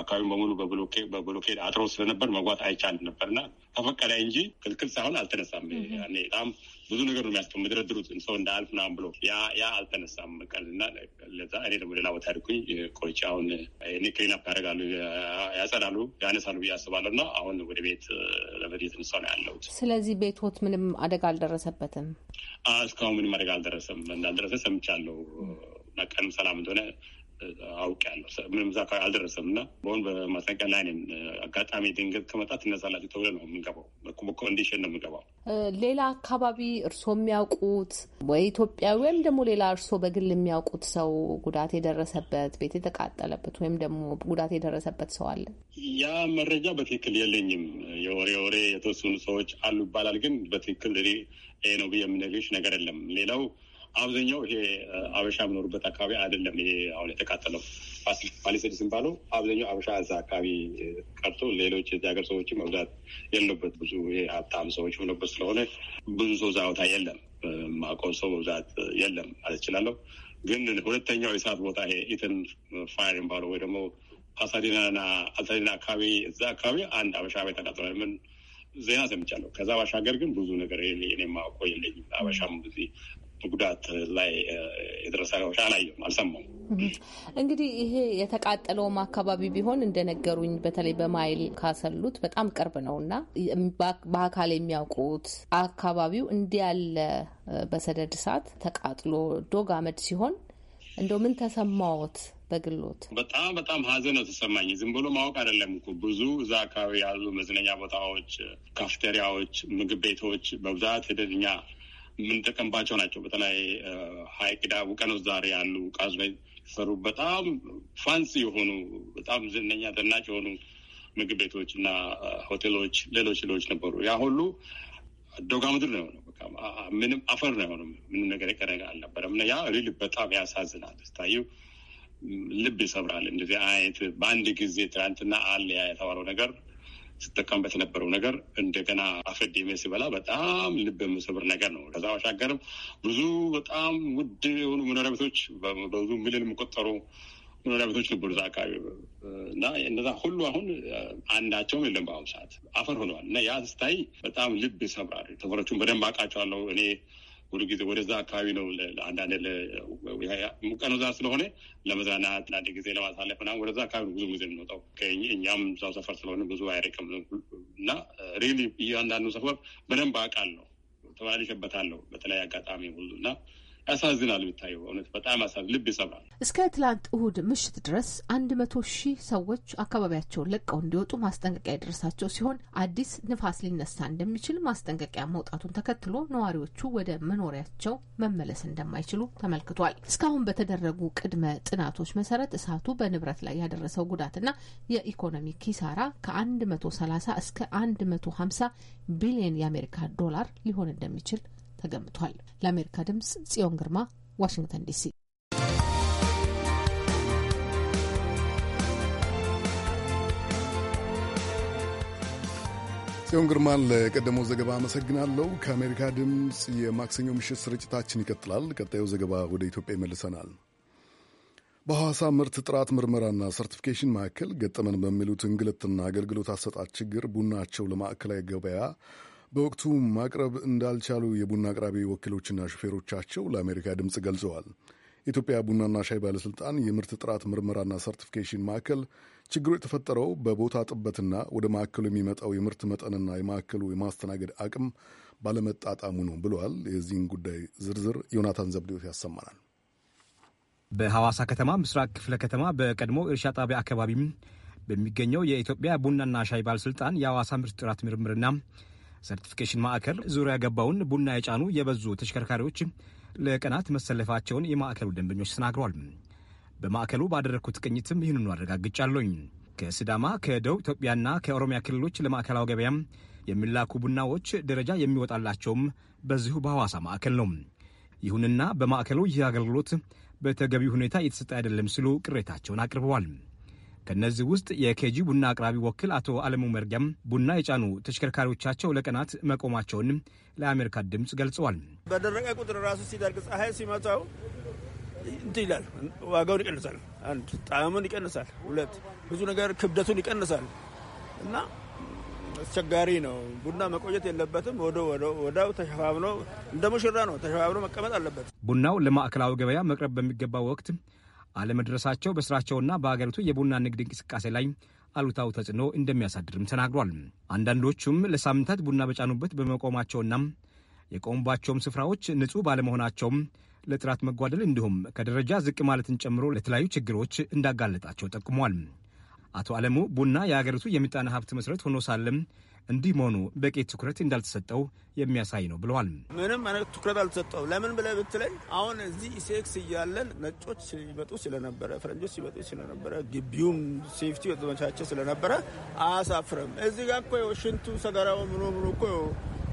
አካባቢውን በሙሉ በብሎኬድ አጥሮ ስለነበር መጓት አይቻል ነበር እና ተፈቀደ እንጂ ክልክል ሳይሆን አልተነሳም። በጣም ብዙ ነገር ነው የሚያስቀ ድረድሩት ሰው እንደ አልፍ ምናምን ብሎ ያ ያ አልተነሳም። ቀልና ለዛ እኔ ደግሞ ሌላ ቦታ ሄድኩኝ። ቆይቼ አሁን እኔ ክሊናፕ ያደርጋሉ፣ ያጸዳሉ፣ ያነሳሉ ብዬ አስባለሁ እና አሁን ወደ ቤት ለመድ የተነሳ ነው ያለሁት። ስለዚህ ቤትዎት ምንም አደጋ አልደረሰበትም? እስካሁን ምንም አደጋ አልደረሰም። እንዳልደረሰ ሰምቻለሁ። መቀንም ሰላም እንደሆነ አውቄያለሁ። ምንም እዛ አልደረሰም እና በሁን በማስጠንቀቂያ ላይ ነኝ። አጋጣሚ ድንገት ከመጣት እነሳላቸው ተብለ ነው የምንገባው። በኮንዲሽን ነው የምንገባው። ሌላ አካባቢ እርስዎ የሚያውቁት ወይ ኢትዮጵያዊ ወይም ደግሞ ሌላ እርስዎ በግል የሚያውቁት ሰው ጉዳት የደረሰበት ቤት የተቃጠለበት ወይም ደግሞ ጉዳት የደረሰበት ሰው አለ? ያ መረጃ በትክክል የለኝም። የወሬ ወሬ የተወሰኑ ሰዎች አሉ ይባላል፣ ግን በትክክል ይሄ ነው ብዬ የምነግርሽ ነገር የለም። ሌላው አብዛኛው ይሄ አበሻ የምኖሩበት አካባቢ አይደለም። ይሄ አሁን የተቃጠለው ፓሊሰዲስ የሚባለው አብዛኛው አበሻ እዛ አካባቢ ቀርቶ ሌሎች እዚ ሀገር ሰዎች መብዛት የለበት ብዙ ይሄ ሀብታም ሰዎች ሆነበት ስለሆነ ብዙ ሰው እዛ ቦታ የለም። ማውቀው ሰው መብዛት የለም ማለት እችላለሁ። ግን ሁለተኛው የእሳት ቦታ ይሄ ኢትን ፋየር የሚባለው ወይ ደግሞ ፓሳዲናና አልታዲና አካባቢ እዛ አካባቢ አንድ አበሻ ቤት ተቃጥሎ ምን ዜና ሰምቻለሁ። ከዛ ባሻገር ግን ብዙ ነገር እኔ ማውቀው የለኝም። አበሻም ብዙ ጉዳት ላይ የደረሰ አላየሁም፣ አልሰማሁም። እንግዲህ ይሄ የተቃጠለውም አካባቢ ቢሆን እንደነገሩኝ በተለይ በማይል ካሰሉት በጣም ቅርብ ነው እና በአካል የሚያውቁት አካባቢው እንዲህ ያለ በሰደድ እሳት ተቃጥሎ ዶግ አመድ ሲሆን እንደው ምን ተሰማዎት? በግሎት በጣም በጣም ሀዘን ነው ተሰማኝ። ዝም ብሎ ማወቅ አይደለም እኮ ብዙ እዛ አካባቢ ያሉ መዝናኛ ቦታዎች፣ ካፍቴሪያዎች፣ ምግብ ቤቶች በብዛት ሄደን እኛ የምንጠቀምባቸው ናቸው። በተለይ ሀይቅ ዳቡ ቀኖስ ዛሬ ያሉ ቃዝበይ ሰሩ በጣም ፋንሲ የሆኑ በጣም ዝነኛ ዘናጭ የሆኑ ምግብ ቤቶች እና ሆቴሎች፣ ሌሎች ሌሎች ነበሩ። ያ ሁሉ ዶጋ ምድር ነው የሆነው። ምንም አፈር ነው የሆነው። ምንም ነገር የቀረ አልነበረም። እና ያ ሪል በጣም ያሳዝናል። ስታዩ ልብ ይሰብራል። እንደዚህ አይነት በአንድ ጊዜ ትናንትና አለ ያ የተባለው ነገር ስጠቀምበት የነበረው ነገር እንደገና አፈዴሜ ሲበላ በጣም ልብ የምስብር ነገር ነው። ከዛ ባሻገርም ብዙ በጣም ውድ የሆኑ መኖሪያ ቤቶች በብዙ ሚሊዮን የሚቆጠሩ መኖሪያ ቤቶች ነበሩ እዛ አካባቢ እና እነዛ ሁሉ አሁን አንዳቸውም የለም በአሁኑ ሰዓት አፈር ሆነዋል። እና ያ ስታይ በጣም ልብ ይሰብራል። ሰፈሮቹን በደንብ አውቃቸዋለሁ እኔ ሁሉ ጊዜ ወደዛ አካባቢ ነው። አንዳንድ ሙቀት ነው እዛ ስለሆነ ለመዝናናት አንድ ጊዜ ለማሳለፍ ና ወደዛ አካባቢ ብዙ ጊዜ የምንወጣው። እኛም ሰው ሰፈር ስለሆነ ብዙ አይርቅም እና ሪሊ እያንዳንዱ ሰፈር በደንብ አውቃለሁ፣ ተመላልሼበታለሁ በተለያየ አጋጣሚ ሁሉ እና ያሳዝናል። የሚታየው እውነት በጣም ልብ ይሰብራል። እስከ ትላንት እሁድ ምሽት ድረስ አንድ መቶ ሺህ ሰዎች አካባቢያቸውን ለቀው እንዲወጡ ማስጠንቀቂያ የደረሳቸው ሲሆን አዲስ ንፋስ ሊነሳ እንደሚችል ማስጠንቀቂያ መውጣቱን ተከትሎ ነዋሪዎቹ ወደ መኖሪያቸው መመለስ እንደማይችሉ ተመልክቷል። እስካሁን በተደረጉ ቅድመ ጥናቶች መሰረት እሳቱ በንብረት ላይ ያደረሰው ጉዳትና የኢኮኖሚ ኪሳራ ከ130 እስከ 150 ቢሊዮን የአሜሪካ ዶላር ሊሆን እንደሚችል ተገምቷል። ለአሜሪካ ድምጽ ጽዮን ግርማ ዋሽንግተን ዲሲ። ጽዮን ግርማን ለቀደመው ዘገባ አመሰግናለሁ። ከአሜሪካ ድምፅ የማክሰኞ ምሽት ስርጭታችን ይቀጥላል። ቀጣዩ ዘገባ ወደ ኢትዮጵያ ይመልሰናል። በሐዋሳ ምርት ጥራት ምርመራና ሰርቲፊኬሽን ማዕከል ገጠመን በሚሉት እንግልትና አገልግሎት አሰጣት ችግር ቡናቸው ለማዕከላዊ ገበያ በወቅቱ ማቅረብ እንዳልቻሉ የቡና አቅራቢ ወኪሎችና ሹፌሮቻቸው ለአሜሪካ ድምፅ ገልጸዋል። የኢትዮጵያ ቡናና ሻይ ባለሥልጣን የምርት ጥራት ምርመራና ሰርቲፊኬሽን ማዕከል ችግሩ የተፈጠረው በቦታ ጥበትና ወደ ማዕከሉ የሚመጣው የምርት መጠንና የማዕከሉ የማስተናገድ አቅም ባለመጣጣሙ ነው ብለዋል። የዚህን ጉዳይ ዝርዝር ዮናታን ዘብዴዎት ያሰማናል። በሐዋሳ ከተማ ምስራቅ ክፍለ ከተማ በቀድሞ እርሻ ጣቢያ አካባቢም በሚገኘው የኢትዮጵያ ቡናና ሻይ ባለሥልጣን የሐዋሳ ምርት ጥራት ምርምርና ሰርቲፊኬሽን ማዕከል ዙሪያ ገባውን ቡና የጫኑ የበዙ ተሽከርካሪዎች ለቀናት መሰለፋቸውን የማዕከሉ ደንበኞች ተናግረዋል። በማዕከሉ ባደረግኩት ቅኝትም ይህንኑ አረጋግጫለኝ። ከሲዳማ ከደቡብ ኢትዮጵያና ከኦሮሚያ ክልሎች ለማዕከላዊ ገበያም የሚላኩ ቡናዎች ደረጃ የሚወጣላቸውም በዚሁ በሐዋሳ ማዕከል ነው። ይሁንና በማዕከሉ ይህ አገልግሎት በተገቢ ሁኔታ እየተሰጠ አይደለም ሲሉ ቅሬታቸውን አቅርበዋል። ከእነዚህ ውስጥ የኬጂ ቡና አቅራቢ ወኪል አቶ አለሙ መርጊያም ቡና የጫኑ ተሽከርካሪዎቻቸው ለቀናት መቆማቸውን ለአሜሪካ ድምፅ ገልጸዋል። በደረቀ ቁጥር ራሱ ሲደርግ ፀሐይ ሲመታው እንት ይላል። ዋጋውን ይቀንሳል። አንድ ጣዕሙን ይቀንሳል። ሁለት ብዙ ነገር ክብደቱን ይቀንሳል እና አስቸጋሪ ነው። ቡና መቆየት የለበትም። ወደ ወዳው ተሸፋብኖ እንደ ሙሽራ ነው ተሸፋብኖ መቀመጥ አለበት። ቡናው ለማዕከላዊ ገበያ መቅረብ በሚገባው ወቅት አለመድረሳቸው በስራቸውና በሀገሪቱ የቡና ንግድ እንቅስቃሴ ላይ አሉታው ተጽዕኖ እንደሚያሳድርም ተናግሯል። አንዳንዶቹም ለሳምንታት ቡና በጫኑበት በመቆማቸውና የቆሙባቸውም ስፍራዎች ንጹህ ባለመሆናቸውም ለጥራት መጓደል እንዲሁም ከደረጃ ዝቅ ማለትን ጨምሮ ለተለያዩ ችግሮች እንዳጋለጣቸው ጠቁሟል። አቶ አለሙ ቡና የሀገሪቱ የምጣኔ ሀብት መሰረት ሆኖ ሳለም እንዲህ መሆኑ በቂ ትኩረት እንዳልተሰጠው የሚያሳይ ነው ብለዋል። ምንም አይነት ትኩረት አልተሰጠው። ለምን ብለህ ብትለኝ አሁን እዚህ ኢሴክስ እያለን ነጮች ሲመጡ ስለነበረ፣ ፈረንጆች ሲመጡ ስለነበረ፣ ግቢውም ሴፍቲ የተመቻቸ ስለነበረ አያሳፍርም። እዚህ ጋር እኮ ሽንቱ ሰገራው ምኖ ምኖ እኮ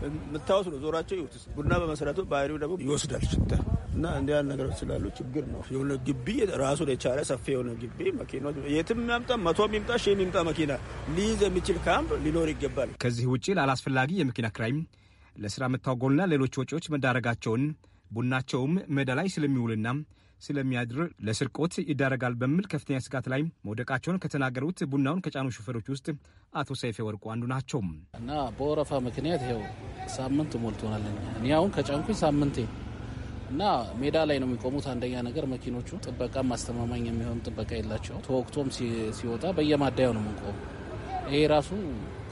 የምታወስ ነው። ዞራቸው ይወት ቡና በመሰረቱ ባህሪው ደግሞ ይወስዳል ሽታ እና እንዲ ያል ነገር ስላሉ ችግር ነው። የሆነ ግቢ ራሱን የቻለ ሰፊ የሆነ ግቢ መኪና የትም ያምጣ መቶ የሚምጣ ሺ የሚምጣ መኪና ሊይዝ የሚችል ካምፕ ሊኖር ይገባል። ከዚህ ውጭ ላላስፈላጊ የመኪና ክራይም ለስራ መታጎልና ሌሎች ወጪዎች መዳረጋቸውን ቡናቸውም ሜዳ ላይ ስለሚውልና ስለሚያድር ለስርቆት ይዳረጋል በሚል ከፍተኛ ስጋት ላይ መውደቃቸውን ከተናገሩት ቡናውን ከጫኑ ሹፌሮች ውስጥ አቶ ሰይፌ ወርቁ አንዱ ናቸው። እና በወረፋ ምክንያት ይኸው ሳምንት ሞልቶናል። እኔ አሁን ከጫንኩኝ ሳምንቴ እና ሜዳ ላይ ነው የሚቆሙት። አንደኛ ነገር መኪኖቹ ጥበቃ ማስተማማኝ የሚሆን ጥበቃ የላቸው። ተወቅቶም ሲወጣ በየማደያው ነው የምንቆሙ። ይሄ ራሱ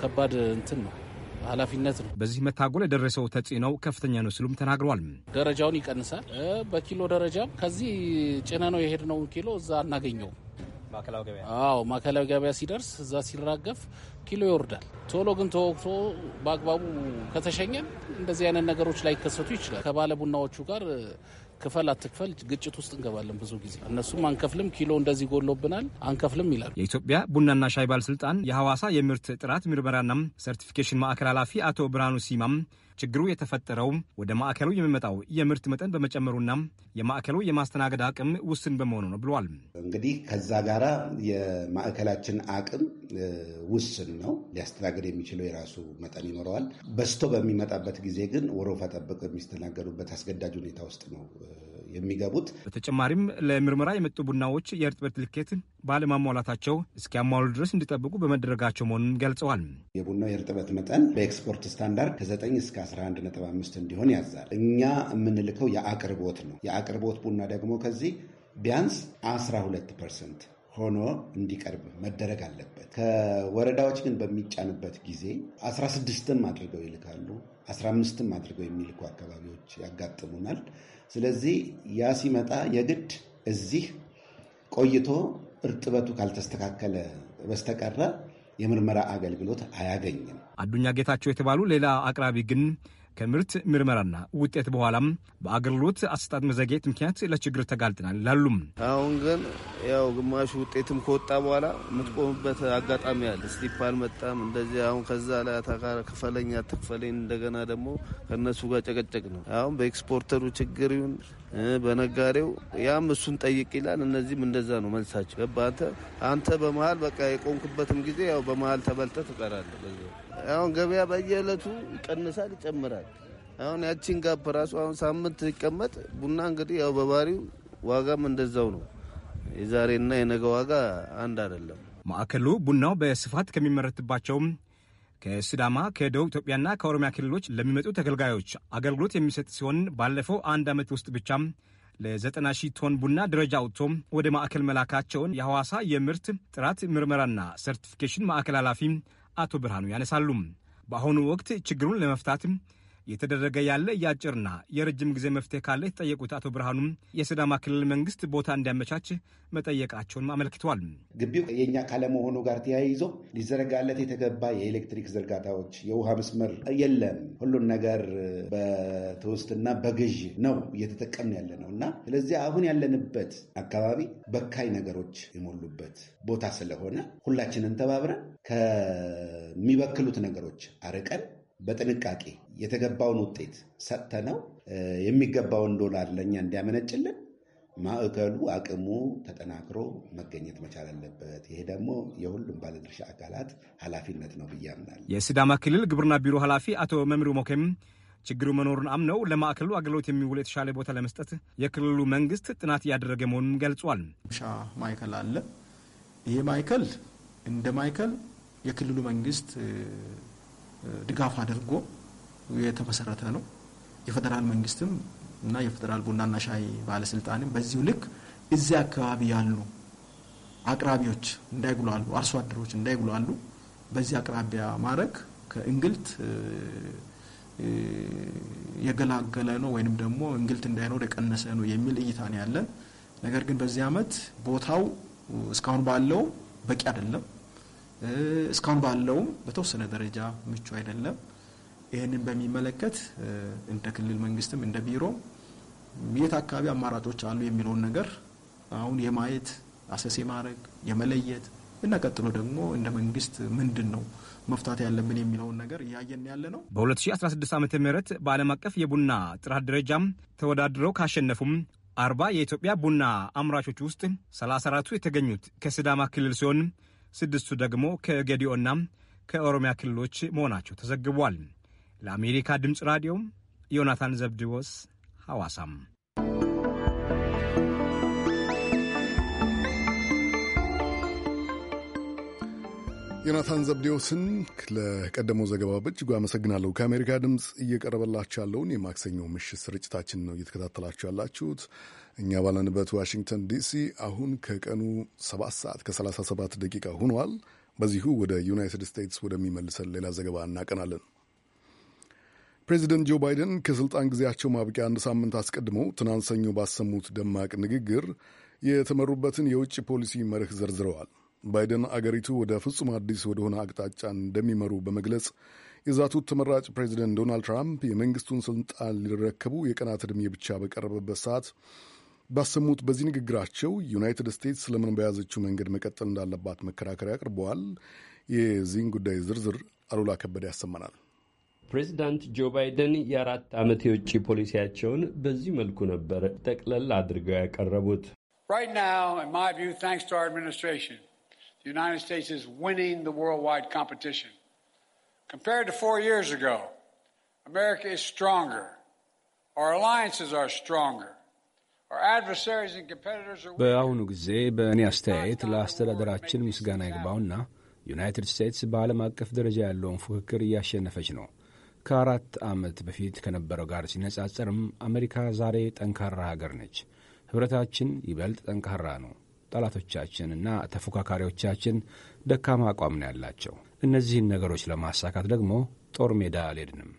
ከባድ እንትን ነው ኃላፊነት ነው። በዚህ መታጎል የደረሰው ተጽዕኖው ከፍተኛ ነው ሲሉም ተናግረዋል። ደረጃውን ይቀንሳል። በኪሎ ደረጃም ከዚህ ጭነ ነው የሄድነውን ኪሎ እዛ አናገኘውም። አዎ ማዕከላዊ ገበያ ሲደርስ እዛ ሲራገፍ ኪሎ ይወርዳል። ቶሎ ግን ተወቅቶ በአግባቡ ከተሸኘን እንደዚህ አይነት ነገሮች ላይከሰቱ ይችላል። ከባለ ቡናዎቹ ጋር ክፈል አትክፈል ግጭት ውስጥ እንገባለን። ብዙ ጊዜ እነሱም አንከፍልም፣ ኪሎ እንደዚህ ጎሎብናል፣ አንከፍልም ይላሉ። የኢትዮጵያ ቡናና ሻይ ባለስልጣን የሐዋሳ የምርት ጥራት ምርመራና ሰርቲፊኬሽን ማዕከል ኃላፊ አቶ ብርሃኑ ሲማም ችግሩ የተፈጠረውም ወደ ማዕከሉ የሚመጣው የምርት መጠን በመጨመሩና የማዕከሉ የማስተናገድ አቅም ውስን በመሆኑ ነው ብሏል። እንግዲህ ከዛ ጋራ የማዕከላችን አቅም ውስን ነው። ሊያስተናግድ የሚችለው የራሱ መጠን ይኖረዋል። በስቶ በሚመጣበት ጊዜ ግን ወረፋ ጠብቀው የሚስተናገዱበት አስገዳጅ ሁኔታ ውስጥ ነው የሚገቡት። በተጨማሪም ለምርመራ የመጡ ቡናዎች የእርጥበት ልኬት ባለማሟላታቸው እስኪያሟሉ ድረስ እንዲጠብቁ በመደረጋቸው መሆኑን ገልጸዋል። የቡና የእርጥበት መጠን በኤክስፖርት ስታንዳርድ ከ9 እስከ 11.5 እንዲሆን ያዛል። እኛ የምንልከው የአቅርቦት ነው። የአቅርቦት ቡና ደግሞ ከዚህ ቢያንስ 12 ፐርሰንት ሆኖ እንዲቀርብ መደረግ አለበት። ከወረዳዎች ግን በሚጫንበት ጊዜ 16ም አድርገው ይልካሉ። 15ም አድርገው የሚልኩ አካባቢዎች ያጋጥሙናል። ስለዚህ ያ ሲመጣ የግድ እዚህ ቆይቶ እርጥበቱ ካልተስተካከለ በስተቀረ የምርመራ አገልግሎት አያገኝም። አዱኛ ጌታቸው የተባሉ ሌላ አቅራቢ ግን ከምርት ምርመራና ውጤት በኋላም በአገልግሎት አሰጣጥ መዘግየት ምክንያት ለችግር ተጋልጥናል ይላሉም። አሁን ግን ያው ግማሹ ውጤትም ከወጣ በኋላ የምትቆምበት አጋጣሚ አለ። ስሊፕ አልመጣም እንደዚህ አሁን ከዛ ላይ አታካራ ክፈለኝ አትክፈለኝ እንደገና ደግሞ ከነሱ ጋር ጨቀጨቅ ነው። አሁን በኤክስፖርተሩ ችግር ይሁን በነጋዴው ያም እሱን ጠይቅ ይላል። እነዚህም እንደዛ ነው መልሳቸው። ገባ አንተ አንተ በመሀል በቃ የቆምክበትም ጊዜ ያው በመሀል ተበልተ ትቀራለህ። አሁን ገበያ በየዕለቱ ይቀንሳል፣ ይጨምራል። አሁን ያቺን ጋፕ ራሱ አሁን ሳምንት ሲቀመጥ ቡና እንግዲህ ያው በባሪው ዋጋም እንደዛው ነው። የዛሬና የነገ ዋጋ አንድ አይደለም። ማዕከሉ ቡናው በስፋት ከሚመረትባቸውም ከሲዳማ ከደቡብ ኢትዮጵያና ከኦሮሚያ ክልሎች ለሚመጡ ተገልጋዮች አገልግሎት የሚሰጥ ሲሆን ባለፈው አንድ ዓመት ውስጥ ብቻ ለዘጠና ሺህ ቶን ቡና ደረጃ አውጥቶ ወደ ማዕከል መላካቸውን የሐዋሳ የምርት ጥራት ምርመራና ሰርቲፊኬሽን ማዕከል ኃላፊ አቶ ብርሃኑ ያነሳሉ። በአሁኑ ወቅት ችግሩን ለመፍታትም እየተደረገ ያለ የአጭርና የረጅም ጊዜ መፍትሄ ካለ የተጠየቁት አቶ ብርሃኑም የሲዳማ ክልል መንግስት ቦታ እንዲያመቻች መጠየቃቸውን አመልክተዋል። ግቢው የእኛ ካለመሆኑ ጋር ተያይዞ ሊዘረጋለት የተገባ የኤሌክትሪክ ዝርጋታዎች፣ የውሃ መስመር የለም። ሁሉን ነገር በትውስትና በግዥ ነው እየተጠቀምን ያለ ነው እና ስለዚህ አሁን ያለንበት አካባቢ በካይ ነገሮች የሞሉበት ቦታ ስለሆነ ሁላችንን ተባብረን ከሚበክሉት ነገሮች አርቀን በጥንቃቄ የተገባውን ውጤት ነው የሚገባውን ዶላር ለእኛ እንዲያመነጭልን ማዕከሉ አቅሙ ተጠናክሮ መገኘት መቻል አለበት። ይሄ ደግሞ የሁሉም ባለድርሻ አካላት ኃላፊነት ነው ብዬ አምናለሁ። ክልል ግብርና ቢሮ ኃላፊ አቶ መምሪ ሞኬም ችግሩ መኖሩን አምነው ለማዕከሉ አገልግሎት የሚውል የተሻለ ቦታ ለመስጠት የክልሉ መንግስት ጥናት እያደረገ መሆኑን ገልጿል። ሻ ማይከል አለ። ይሄ ማይከል እንደ ማይከል የክልሉ መንግስት ድጋፍ አድርጎ የተመሰረተ ነው። የፌዴራል መንግስትም እና የፌዴራል ቡናና ሻይ ባለስልጣንም በዚሁ ልክ እዚህ አካባቢ ያሉ አቅራቢዎች እንዳይጉላሉ፣ አርሶ አደሮች እንዳይጉላሉ በዚህ አቅራቢያ ማድረግ ከእንግልት የገላገለ ነው ወይንም ደግሞ እንግልት እንዳይኖር የቀነሰ ነው የሚል እይታ ነው ያለን። ነገር ግን በዚህ አመት ቦታው እስካሁን ባለው በቂ አይደለም። እስካሁን ባለውም በተወሰነ ደረጃ ምቹ አይደለም። ይህንን በሚመለከት እንደ ክልል መንግስትም እንደ ቢሮ የት አካባቢ አማራጮች አሉ የሚለውን ነገር አሁን የማየት አሰሴ ማድረግ የመለየት እና ቀጥሎ ደግሞ እንደ መንግስት ምንድን ነው መፍታት ያለብን የሚለውን ነገር እያየን ያለ ነው። በ2016 ዓ ም በዓለም አቀፍ የቡና ጥራት ደረጃም ተወዳድረው ካሸነፉም አርባ የኢትዮጵያ ቡና አምራቾች ውስጥ 34ቱ የተገኙት ከስዳማ ክልል ሲሆን ስድስቱ ደግሞ ከገዲኦና ከኦሮሚያ ክልሎች መሆናቸው ተዘግቧል። ለአሜሪካ ድምፅ ራዲዮ ዮናታን ዘብድዎስ ሐዋሳም ዮናታን ዘብዴዎስን ለቀደመው ዘገባ በእጅጉ አመሰግናለሁ። ከአሜሪካ ድምፅ እየቀረበላችሁ ያለውን የማክሰኞ ምሽት ስርጭታችን ነው እየተከታተላችሁ ያላችሁት። እኛ ባለንበት ዋሽንግተን ዲሲ አሁን ከቀኑ 7 ሰዓት ከ37 ደቂቃ ሆኗል። በዚሁ ወደ ዩናይትድ ስቴትስ ወደሚመልሰን ሌላ ዘገባ እናቀናለን። ፕሬዚደንት ጆ ባይደን ከስልጣን ጊዜያቸው ማብቂያ አንድ ሳምንት አስቀድመው ትናንት ሰኞ ባሰሙት ደማቅ ንግግር የተመሩበትን የውጭ ፖሊሲ መርህ ዘርዝረዋል። ባይደን አገሪቱ ወደ ፍጹም አዲስ ወደሆነ አቅጣጫ እንደሚመሩ በመግለጽ የዛቱት ተመራጭ ፕሬዚደንት ዶናልድ ትራምፕ የመንግስቱን ስልጣን ሊረከቡ የቀናት ዕድሜ ብቻ በቀረበበት ሰዓት ባሰሙት በዚህ ንግግራቸው ዩናይትድ ስቴትስ ለምን በያዘችው መንገድ መቀጠል እንዳለባት መከራከሪያ አቅርበዋል። የዚህን ጉዳይ ዝርዝር አሉላ ከበደ ያሰማናል። ፕሬዚዳንት ጆ ባይደን የአራት ዓመት የውጭ ፖሊሲያቸውን በዚህ መልኩ ነበር ጠቅለል አድርገው ያቀረቡት። America is stronger. Our alliances are stronger. በአሁኑ ጊዜ በእኔ አስተያየት ለአስተዳደራችን ምስጋና ይግባውና ዩናይትድ ስቴትስ በዓለም አቀፍ ደረጃ ያለውን ፉክክር እያሸነፈች ነው። ከአራት ዓመት በፊት ከነበረው ጋር ሲነጻጸርም አሜሪካ ዛሬ ጠንካራ ሀገር ነች። ኅብረታችን ይበልጥ ጠንካራ ነው። ጠላቶቻችንና ተፎካካሪዎቻችን ደካማ አቋም ነው ያላቸው። እነዚህን ነገሮች ለማሳካት ደግሞ ጦር ሜዳ አልሄድንም።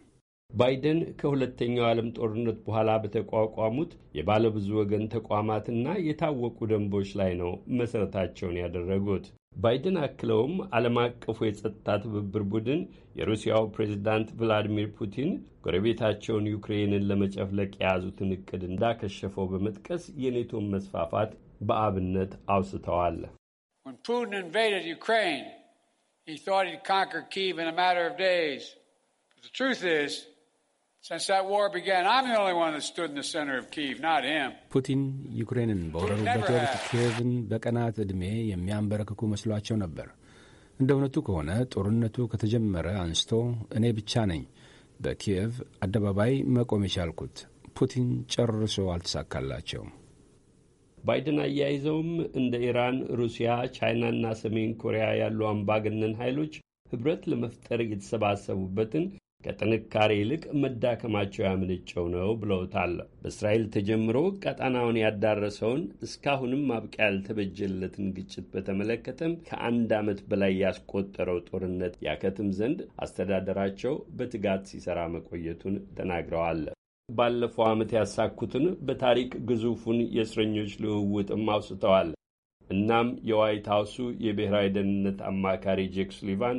ባይደን ከሁለተኛው ዓለም ጦርነት በኋላ በተቋቋሙት የባለብዙ ወገን ተቋማትና የታወቁ ደንቦች ላይ ነው መሠረታቸውን ያደረጉት። ባይደን አክለውም ዓለም አቀፉ የጸጥታ ትብብር ቡድን የሩሲያው ፕሬዚዳንት ቭላዲሚር ፑቲን ጎረቤታቸውን ዩክሬንን ለመጨፍለቅ የያዙትን እቅድ እንዳከሸፈው በመጥቀስ የኔቶን መስፋፋት በአብነት አውስተዋል። ፑቲን ፑቲን ዩክሬንን በወረሩበት ኪየቭን በቀናት ዕድሜ የሚያንበረክኩ መስሏቸው ነበር። እንደ እውነቱ ከሆነ ጦርነቱ ከተጀመረ አንስቶ እኔ ብቻ ነኝ በኪየቭ አደባባይ መቆም የቻልኩት። ፑቲን ጨርሶ አልተሳካላቸውም። ባይደን አያይዘውም እንደ ኢራን፣ ሩሲያ፣ ቻይናና ሰሜን ኮሪያ ያሉ አምባገነን ኃይሎች ህብረት ለመፍጠር የተሰባሰቡበትን ከጥንካሬ ይልቅ መዳከማቸው ያምንጨው ነው ብለውታል። በእስራኤል ተጀምሮ ቀጠናውን ያዳረሰውን እስካሁንም ማብቂያ ያልተበጀለትን ግጭት በተመለከተም ከአንድ ዓመት በላይ ያስቆጠረው ጦርነት ያከትም ዘንድ አስተዳደራቸው በትጋት ሲሰራ መቆየቱን ተናግረዋል። ባለፈው ዓመት ያሳኩትን በታሪክ ግዙፉን የእስረኞች ልውውጥም አውስተዋል። እናም የዋይት ሀውሱ የብሔራዊ ደህንነት አማካሪ ጄክ ሱሊቫን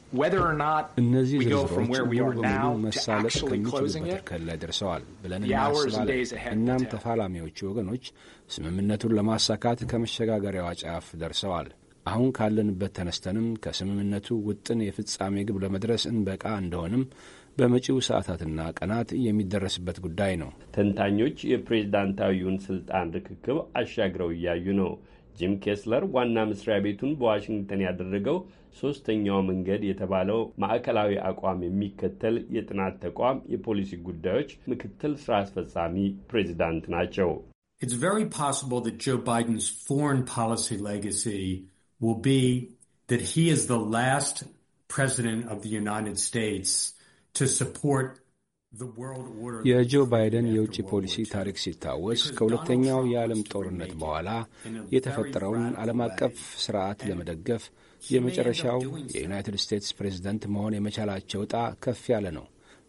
now to actually closing it, the ላይ ደርሰዋል days ahead. እናም ተፋላሚዎቹ ወገኖች ስምምነቱን ለማሳካት ከመሸጋገሪያዋ ጫፍ ደርሰዋል። አሁን ካለንበት ተነስተንም ከስምምነቱ ውጥን የፍጻሜ ግብ ለመድረስ እንበቃ እንደሆንም በመጪው ሰዓታትና ቀናት የሚደረስበት ጉዳይ ነው። ተንታኞች የፕሬዝዳንታዊውን ስልጣን ርክክብ አሻግረው እያዩ ነው። ጂም ኬስለር ዋና መስሪያ ቤቱን በዋሽንግተን ያደረገው ሶስተኛው መንገድ የተባለው ማዕከላዊ አቋም የሚከተል የጥናት ተቋም የፖሊሲ ጉዳዮች ምክትል ስራ አስፈጻሚ ፕሬዚዳንት ናቸው። It's very possible that Joe Biden's foreign policy legacy will be that he is the last president of the United States to support የጆ ባይደን የውጭ ፖሊሲ ታሪክ ሲታወስ ከሁለተኛው የዓለም ጦርነት በኋላ የተፈጠረውን ዓለም አቀፍ ስርዓት ለመደገፍ የመጨረሻው የዩናይትድ ስቴትስ ፕሬዝደንት መሆን የመቻላቸው ዕጣ ከፍ ያለ ነው።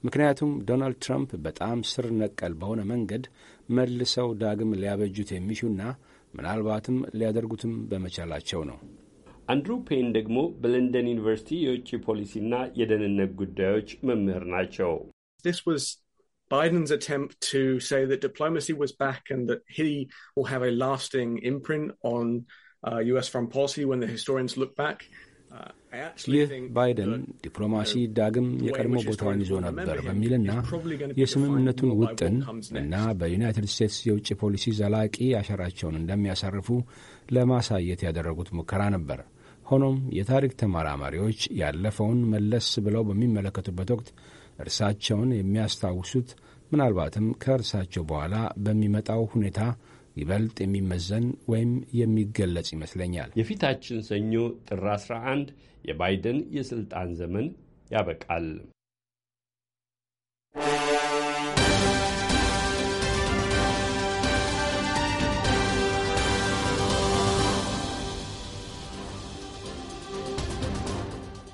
ምክንያቱም ዶናልድ ትራምፕ በጣም ስር ነቀል በሆነ መንገድ መልሰው ዳግም ሊያበጁት የሚሹና ምናልባትም ሊያደርጉትም በመቻላቸው ነው። አንድሩ ፔን ደግሞ በለንደን ዩኒቨርሲቲ የውጭ ፖሊሲና የደህንነት ጉዳዮች መምህር ናቸው። this was Biden's attempt to say that diplomacy was back and that he will have a lasting imprint on uh, U.S. foreign policy when the historians look back. Uh, ይህ ባይደን ዲፕሎማሲ ዳግም የቀድሞ ቦታውን ይዞ ነበር በሚልና የስምምነቱን ውጥን እና በዩናይትድ ስቴትስ የውጭ ፖሊሲ ዘላቂ አሻራቸውን እንደሚያሳርፉ ለማሳየት ያደረጉት ሙከራ ነበር። ሆኖም የታሪክ ተመራማሪዎች ያለፈውን መለስ ብለው በሚመለከቱበት ወቅት እርሳቸውን የሚያስታውሱት ምናልባትም ከእርሳቸው በኋላ በሚመጣው ሁኔታ ይበልጥ የሚመዘን ወይም የሚገለጽ ይመስለኛል። የፊታችን ሰኞ ጥር 11 የባይደን የሥልጣን ዘመን ያበቃል።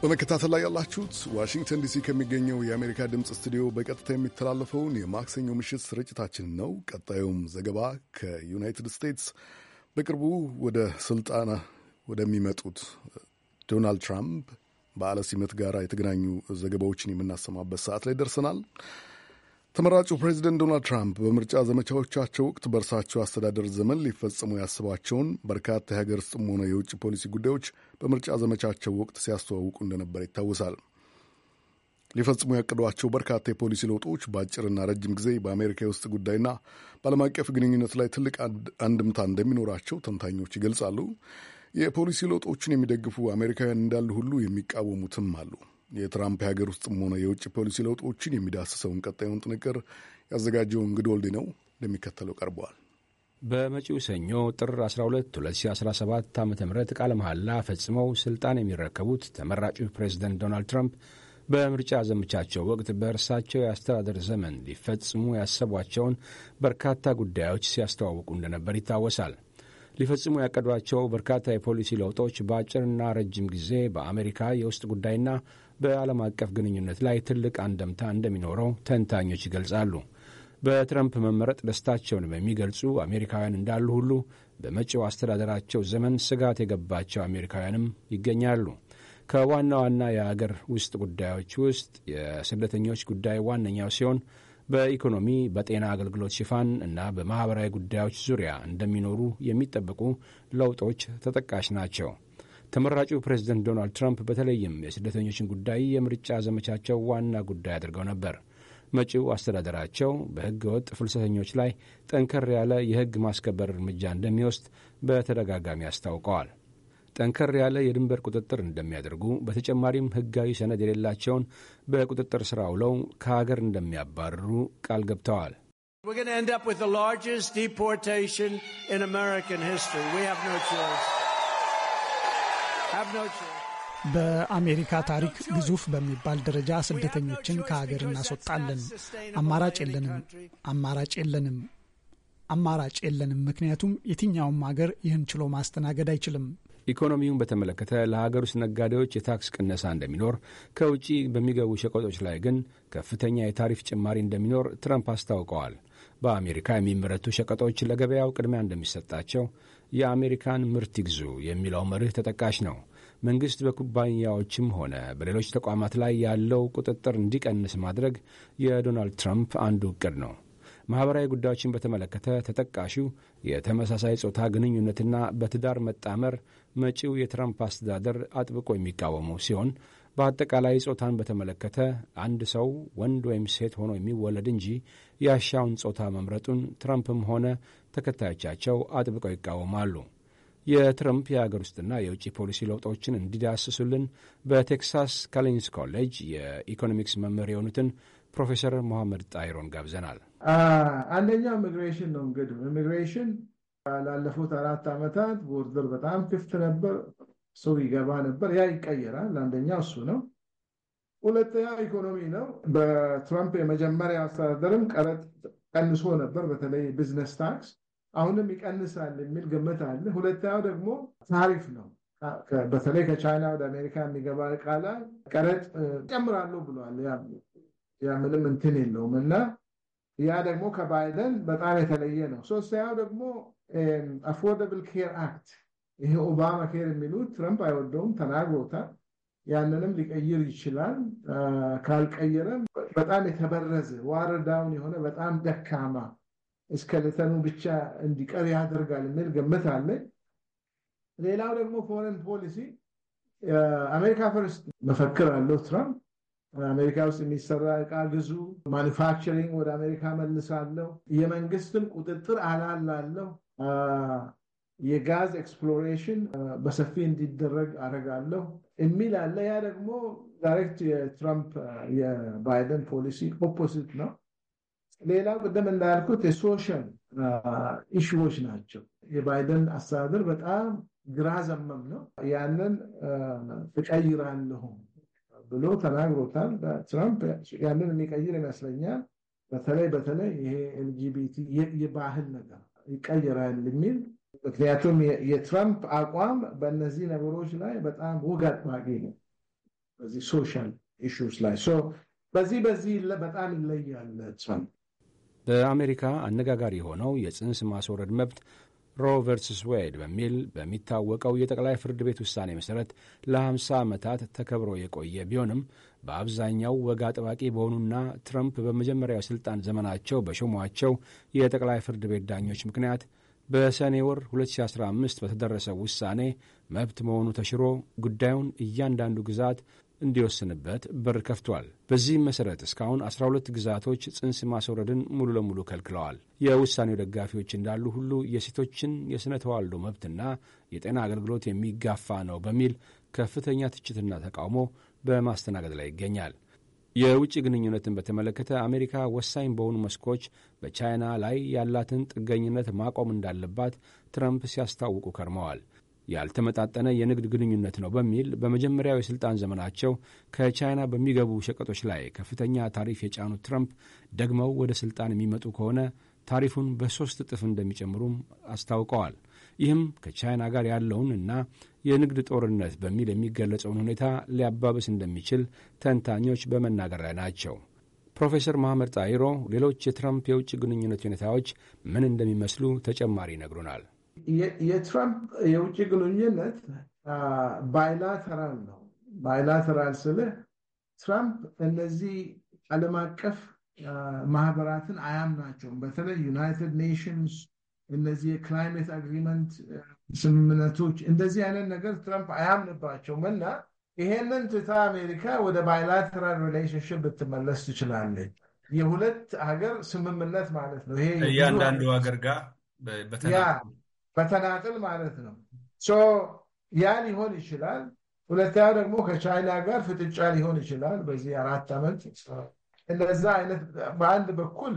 በመከታተል ላይ ያላችሁት ዋሽንግተን ዲሲ ከሚገኘው የአሜሪካ ድምፅ ስቱዲዮ በቀጥታ የሚተላለፈውን የማክሰኞ ምሽት ስርጭታችን ነው። ቀጣዩም ዘገባ ከዩናይትድ ስቴትስ በቅርቡ ወደ ስልጣና ወደሚመጡት ዶናልድ ትራምፕ በዓለ ሲመት ጋር የተገናኙ ዘገባዎችን የምናሰማበት ሰዓት ላይ ደርሰናል። ተመራጩ ፕሬዚደንት ዶናልድ ትራምፕ በምርጫ ዘመቻዎቻቸው ወቅት በእርሳቸው አስተዳደር ዘመን ሊፈጸሙ ያስባቸውን በርካታ የሀገር ውስጥም ሆነ የውጭ ፖሊሲ ጉዳዮች በምርጫ ዘመቻቸው ወቅት ሲያስተዋውቁ እንደነበር ይታወሳል። ሊፈጽሙ ያቅዷቸው በርካታ የፖሊሲ ለውጦች በአጭርና ረጅም ጊዜ በአሜሪካ የውስጥ ጉዳይና በዓለም አቀፍ ግንኙነት ላይ ትልቅ አንድምታ እንደሚኖራቸው ተንታኞች ይገልጻሉ። የፖሊሲ ለውጦችን የሚደግፉ አሜሪካውያን እንዳሉ ሁሉ የሚቃወሙትም አሉ። የትራምፕ የሀገር ውስጥም ሆነ የውጭ ፖሊሲ ለውጦችን የሚዳስሰውን ቀጣዩን ጥንቅር ያዘጋጀው እንግድ ወልዴ ነው፣ እንደሚከተለው ቀርበዋል። በመጪው ሰኞ ጥር 12 2017 ዓ ም ቃለ መሐላ ፈጽመው ስልጣን የሚረከቡት ተመራጩ ፕሬዝደንት ዶናልድ ትራምፕ በምርጫ ዘመቻቸው ወቅት በእርሳቸው የአስተዳደር ዘመን ሊፈጽሙ ያሰቧቸውን በርካታ ጉዳዮች ሲያስተዋውቁ እንደነበር ይታወሳል። ሊፈጽሙ ያቀዷቸው በርካታ የፖሊሲ ለውጦች በአጭርና ረጅም ጊዜ በአሜሪካ የውስጥ ጉዳይና በዓለም አቀፍ ግንኙነት ላይ ትልቅ አንደምታ እንደሚኖረው ተንታኞች ይገልጻሉ። በትረምፕ መመረጥ ደስታቸውን በሚገልጹ አሜሪካውያን እንዳሉ ሁሉ በመጪው አስተዳደራቸው ዘመን ስጋት የገባቸው አሜሪካውያንም ይገኛሉ። ከዋና ዋና የአገር ውስጥ ጉዳዮች ውስጥ የስደተኞች ጉዳይ ዋነኛው ሲሆን በኢኮኖሚ በጤና አገልግሎት ሽፋን እና በማኅበራዊ ጉዳዮች ዙሪያ እንደሚኖሩ የሚጠበቁ ለውጦች ተጠቃሽ ናቸው። ተመራጩ ፕሬዝደንት ዶናልድ ትራምፕ በተለይም የስደተኞችን ጉዳይ የምርጫ ዘመቻቸው ዋና ጉዳይ አድርገው ነበር። መጪው አስተዳደራቸው በሕገ ወጥ ፍልሰተኞች ላይ ጠንከር ያለ የሕግ ማስከበር እርምጃ እንደሚወስድ በተደጋጋሚ አስታውቀዋል። ጠንከር ያለ የድንበር ቁጥጥር እንደሚያደርጉ፣ በተጨማሪም ሕጋዊ ሰነድ የሌላቸውን በቁጥጥር ስራ ውለው ከሀገር እንደሚያባርሩ ቃል ገብተዋል። We're going to end up with the largest deportation in American history. We have no choice. በአሜሪካ ታሪክ ግዙፍ በሚባል ደረጃ ስደተኞችን ከሀገር እናስወጣለን። አማራጭ የለንም። አማራጭ የለንም። አማራጭ የለንም። ምክንያቱም የትኛውም ሀገር ይህን ችሎ ማስተናገድ አይችልም። ኢኮኖሚውን በተመለከተ ለሀገር ውስጥ ነጋዴዎች የታክስ ቅነሳ እንደሚኖር፣ ከውጪ በሚገቡ ሸቀጦች ላይ ግን ከፍተኛ የታሪፍ ጭማሪ እንደሚኖር ትረምፕ አስታውቀዋል። በአሜሪካ የሚመረቱ ሸቀጦች ለገበያው ቅድሚያ እንደሚሰጣቸው የአሜሪካን ምርት ይግዙ የሚለው መርህ ተጠቃሽ ነው። መንግሥት በኩባንያዎችም ሆነ በሌሎች ተቋማት ላይ ያለው ቁጥጥር እንዲቀንስ ማድረግ የዶናልድ ትራምፕ አንዱ እቅድ ነው። ማኅበራዊ ጉዳዮችን በተመለከተ ተጠቃሹ የተመሳሳይ ጾታ ግንኙነትና በትዳር መጣመር መጪው የትራምፕ አስተዳደር አጥብቆ የሚቃወመው ሲሆን በአጠቃላይ ጾታን በተመለከተ አንድ ሰው ወንድ ወይም ሴት ሆኖ የሚወለድ እንጂ ያሻውን ጾታ መምረጡን ትራምፕም ሆነ ተከታዮቻቸው አጥብቀው ይቃወማሉ። የትረምፕ የአገር ውስጥና የውጭ ፖሊሲ ለውጦችን እንዲዳስሱልን በቴክሳስ ካሊንስ ኮሌጅ የኢኮኖሚክስ መምህር የሆኑትን ፕሮፌሰር መሐመድ ጣይሮን ጋብዘናል። አንደኛው ኢሚግሬሽን ነው። እንግዲህ ኢሚግሬሽን ላለፉት አራት ዓመታት ቦርደር በጣም ክፍት ነበር። ሰው ይገባ ነበር። ያ ይቀየራል። አንደኛ እሱ ነው። ሁለተኛ ኢኮኖሚ ነው። በትራምፕ የመጀመሪያ አስተዳደርም ቀረጥ ቀንሶ ነበር፣ በተለይ ቢዝነስ ታክስ። አሁንም ይቀንሳል የሚል ግምት አለ። ሁለተኛው ደግሞ ታሪፍ ነው። በተለይ ከቻይና ወደ አሜሪካ የሚገባ እቃ ላይ ቀረጥ ጨምራለሁ ብለዋል። ያ ምንም እንትን የለውም እና ያ ደግሞ ከባይደን በጣም የተለየ ነው። ሶስተኛው ደግሞ አፎርደብል ኬር አክት ይሄ ኦባማ ኬር የሚሉት ትረምፕ አይወደውም፣ ተናግሮታል። ያንንም ሊቀይር ይችላል። ካልቀየረም በጣም የተበረዘ ዋርዳውን የሆነ በጣም ደካማ እስከልተኑ ብቻ እንዲቀር ያደርጋል የሚል ግምት አለ። ሌላው ደግሞ ፎሬን ፖሊሲ አሜሪካ ፈርስት መፈክር አለው ትራምፕ። አሜሪካ ውስጥ የሚሰራ እቃ ግዙ፣ ማኒፋክቸሪንግ ወደ አሜሪካ መልሳለሁ፣ የመንግስትም ቁጥጥር አላላለሁ የጋዝ ኤክስፕሎሬሽን በሰፊ እንዲደረግ አደርጋለሁ የሚል አለ። ያ ደግሞ ዳይሬክት የትራምፕ የባይደን ፖሊሲ ኦፖዚት ነው። ሌላው ቅድም እንዳልኩት የሶሻል ኢሹዎች ናቸው። የባይደን አስተዳደር በጣም ግራ ዘመም ነው። ያንን እቀይራለሁ ብሎ ተናግሮታል። ትራምፕ ያንን የሚቀይር ይመስለኛል። በተለይ በተለይ ይሄ ኤልጂቢቲ የባህል ነገር ይቀይራል የሚል ምክንያቱም የትራምፕ አቋም በእነዚህ ነገሮች ላይ በጣም ወግ አጥባቂ ነው። በዚህ ሶሻል ኢሹስ ላይ በዚህ በዚህ በጣም ይለያል ትራምፕ። በአሜሪካ አነጋጋሪ የሆነው የጽንስ ማስወረድ መብት ሮ ቨርስስ ዌድ በሚል በሚታወቀው የጠቅላይ ፍርድ ቤት ውሳኔ መሠረት ለ50 ዓመታት ተከብሮ የቆየ ቢሆንም በአብዛኛው ወግ አጥባቂ በሆኑና ትረምፕ በመጀመሪያው ሥልጣን ዘመናቸው በሾሟቸው የጠቅላይ ፍርድ ቤት ዳኞች ምክንያት በሰኔ ወር 2015 በተደረሰው ውሳኔ መብት መሆኑ ተሽሮ ጉዳዩን እያንዳንዱ ግዛት እንዲወስንበት በር ከፍቷል። በዚህም መሠረት እስካሁን 12 ግዛቶች ጽንስ ማስወረድን ሙሉ ለሙሉ ከልክለዋል። የውሳኔው ደጋፊዎች እንዳሉ ሁሉ የሴቶችን የሥነ ተዋልዶ መብትና የጤና አገልግሎት የሚጋፋ ነው በሚል ከፍተኛ ትችትና ተቃውሞ በማስተናገድ ላይ ይገኛል። የውጭ ግንኙነትን በተመለከተ አሜሪካ ወሳኝ በሆኑ መስኮች በቻይና ላይ ያላትን ጥገኝነት ማቆም እንዳለባት ትረምፕ ሲያስታውቁ ከርመዋል። ያልተመጣጠነ የንግድ ግንኙነት ነው በሚል በመጀመሪያው የሥልጣን ዘመናቸው ከቻይና በሚገቡ ሸቀጦች ላይ ከፍተኛ ታሪፍ የጫኑት ትረምፕ ደግመው ወደ ሥልጣን የሚመጡ ከሆነ ታሪፉን በሦስት እጥፍ እንደሚጨምሩም አስታውቀዋል። ይህም ከቻይና ጋር ያለውን እና የንግድ ጦርነት በሚል የሚገለጸውን ሁኔታ ሊያባብስ እንደሚችል ተንታኞች በመናገር ላይ ናቸው። ፕሮፌሰር መሐመድ ጣይሮ ሌሎች የትራምፕ የውጭ ግንኙነት ሁኔታዎች ምን እንደሚመስሉ ተጨማሪ ይነግሩናል። የትራምፕ የውጭ ግንኙነት ባይላተራል ነው። ባይላተራል ስልህ ትራምፕ እነዚህ ዓለም አቀፍ ማህበራትን አያምናቸውም። በተለይ ዩናይትድ ኔሽንስ እነዚህ የክላይሜት አግሪመንት ስምምነቶች እንደዚህ አይነት ነገር ትራምፕ አያምንባቸውም እና ይሄንን ትታ አሜሪካ ወደ ባይላተራል ሪሌሽንሽፕ ብትመለስ ትችላለች። የሁለት ሀገር ስምምነት ማለት ነው። ይሄ እያንዳንዱ ሀገር ጋር በተናጥል ማለት ነው። ያ ሊሆን ይችላል። ሁለተኛው ደግሞ ከቻይና ጋር ፍጥጫ ሊሆን ይችላል በዚህ አራት ዓመት እንደዛ አይነት በአንድ በኩል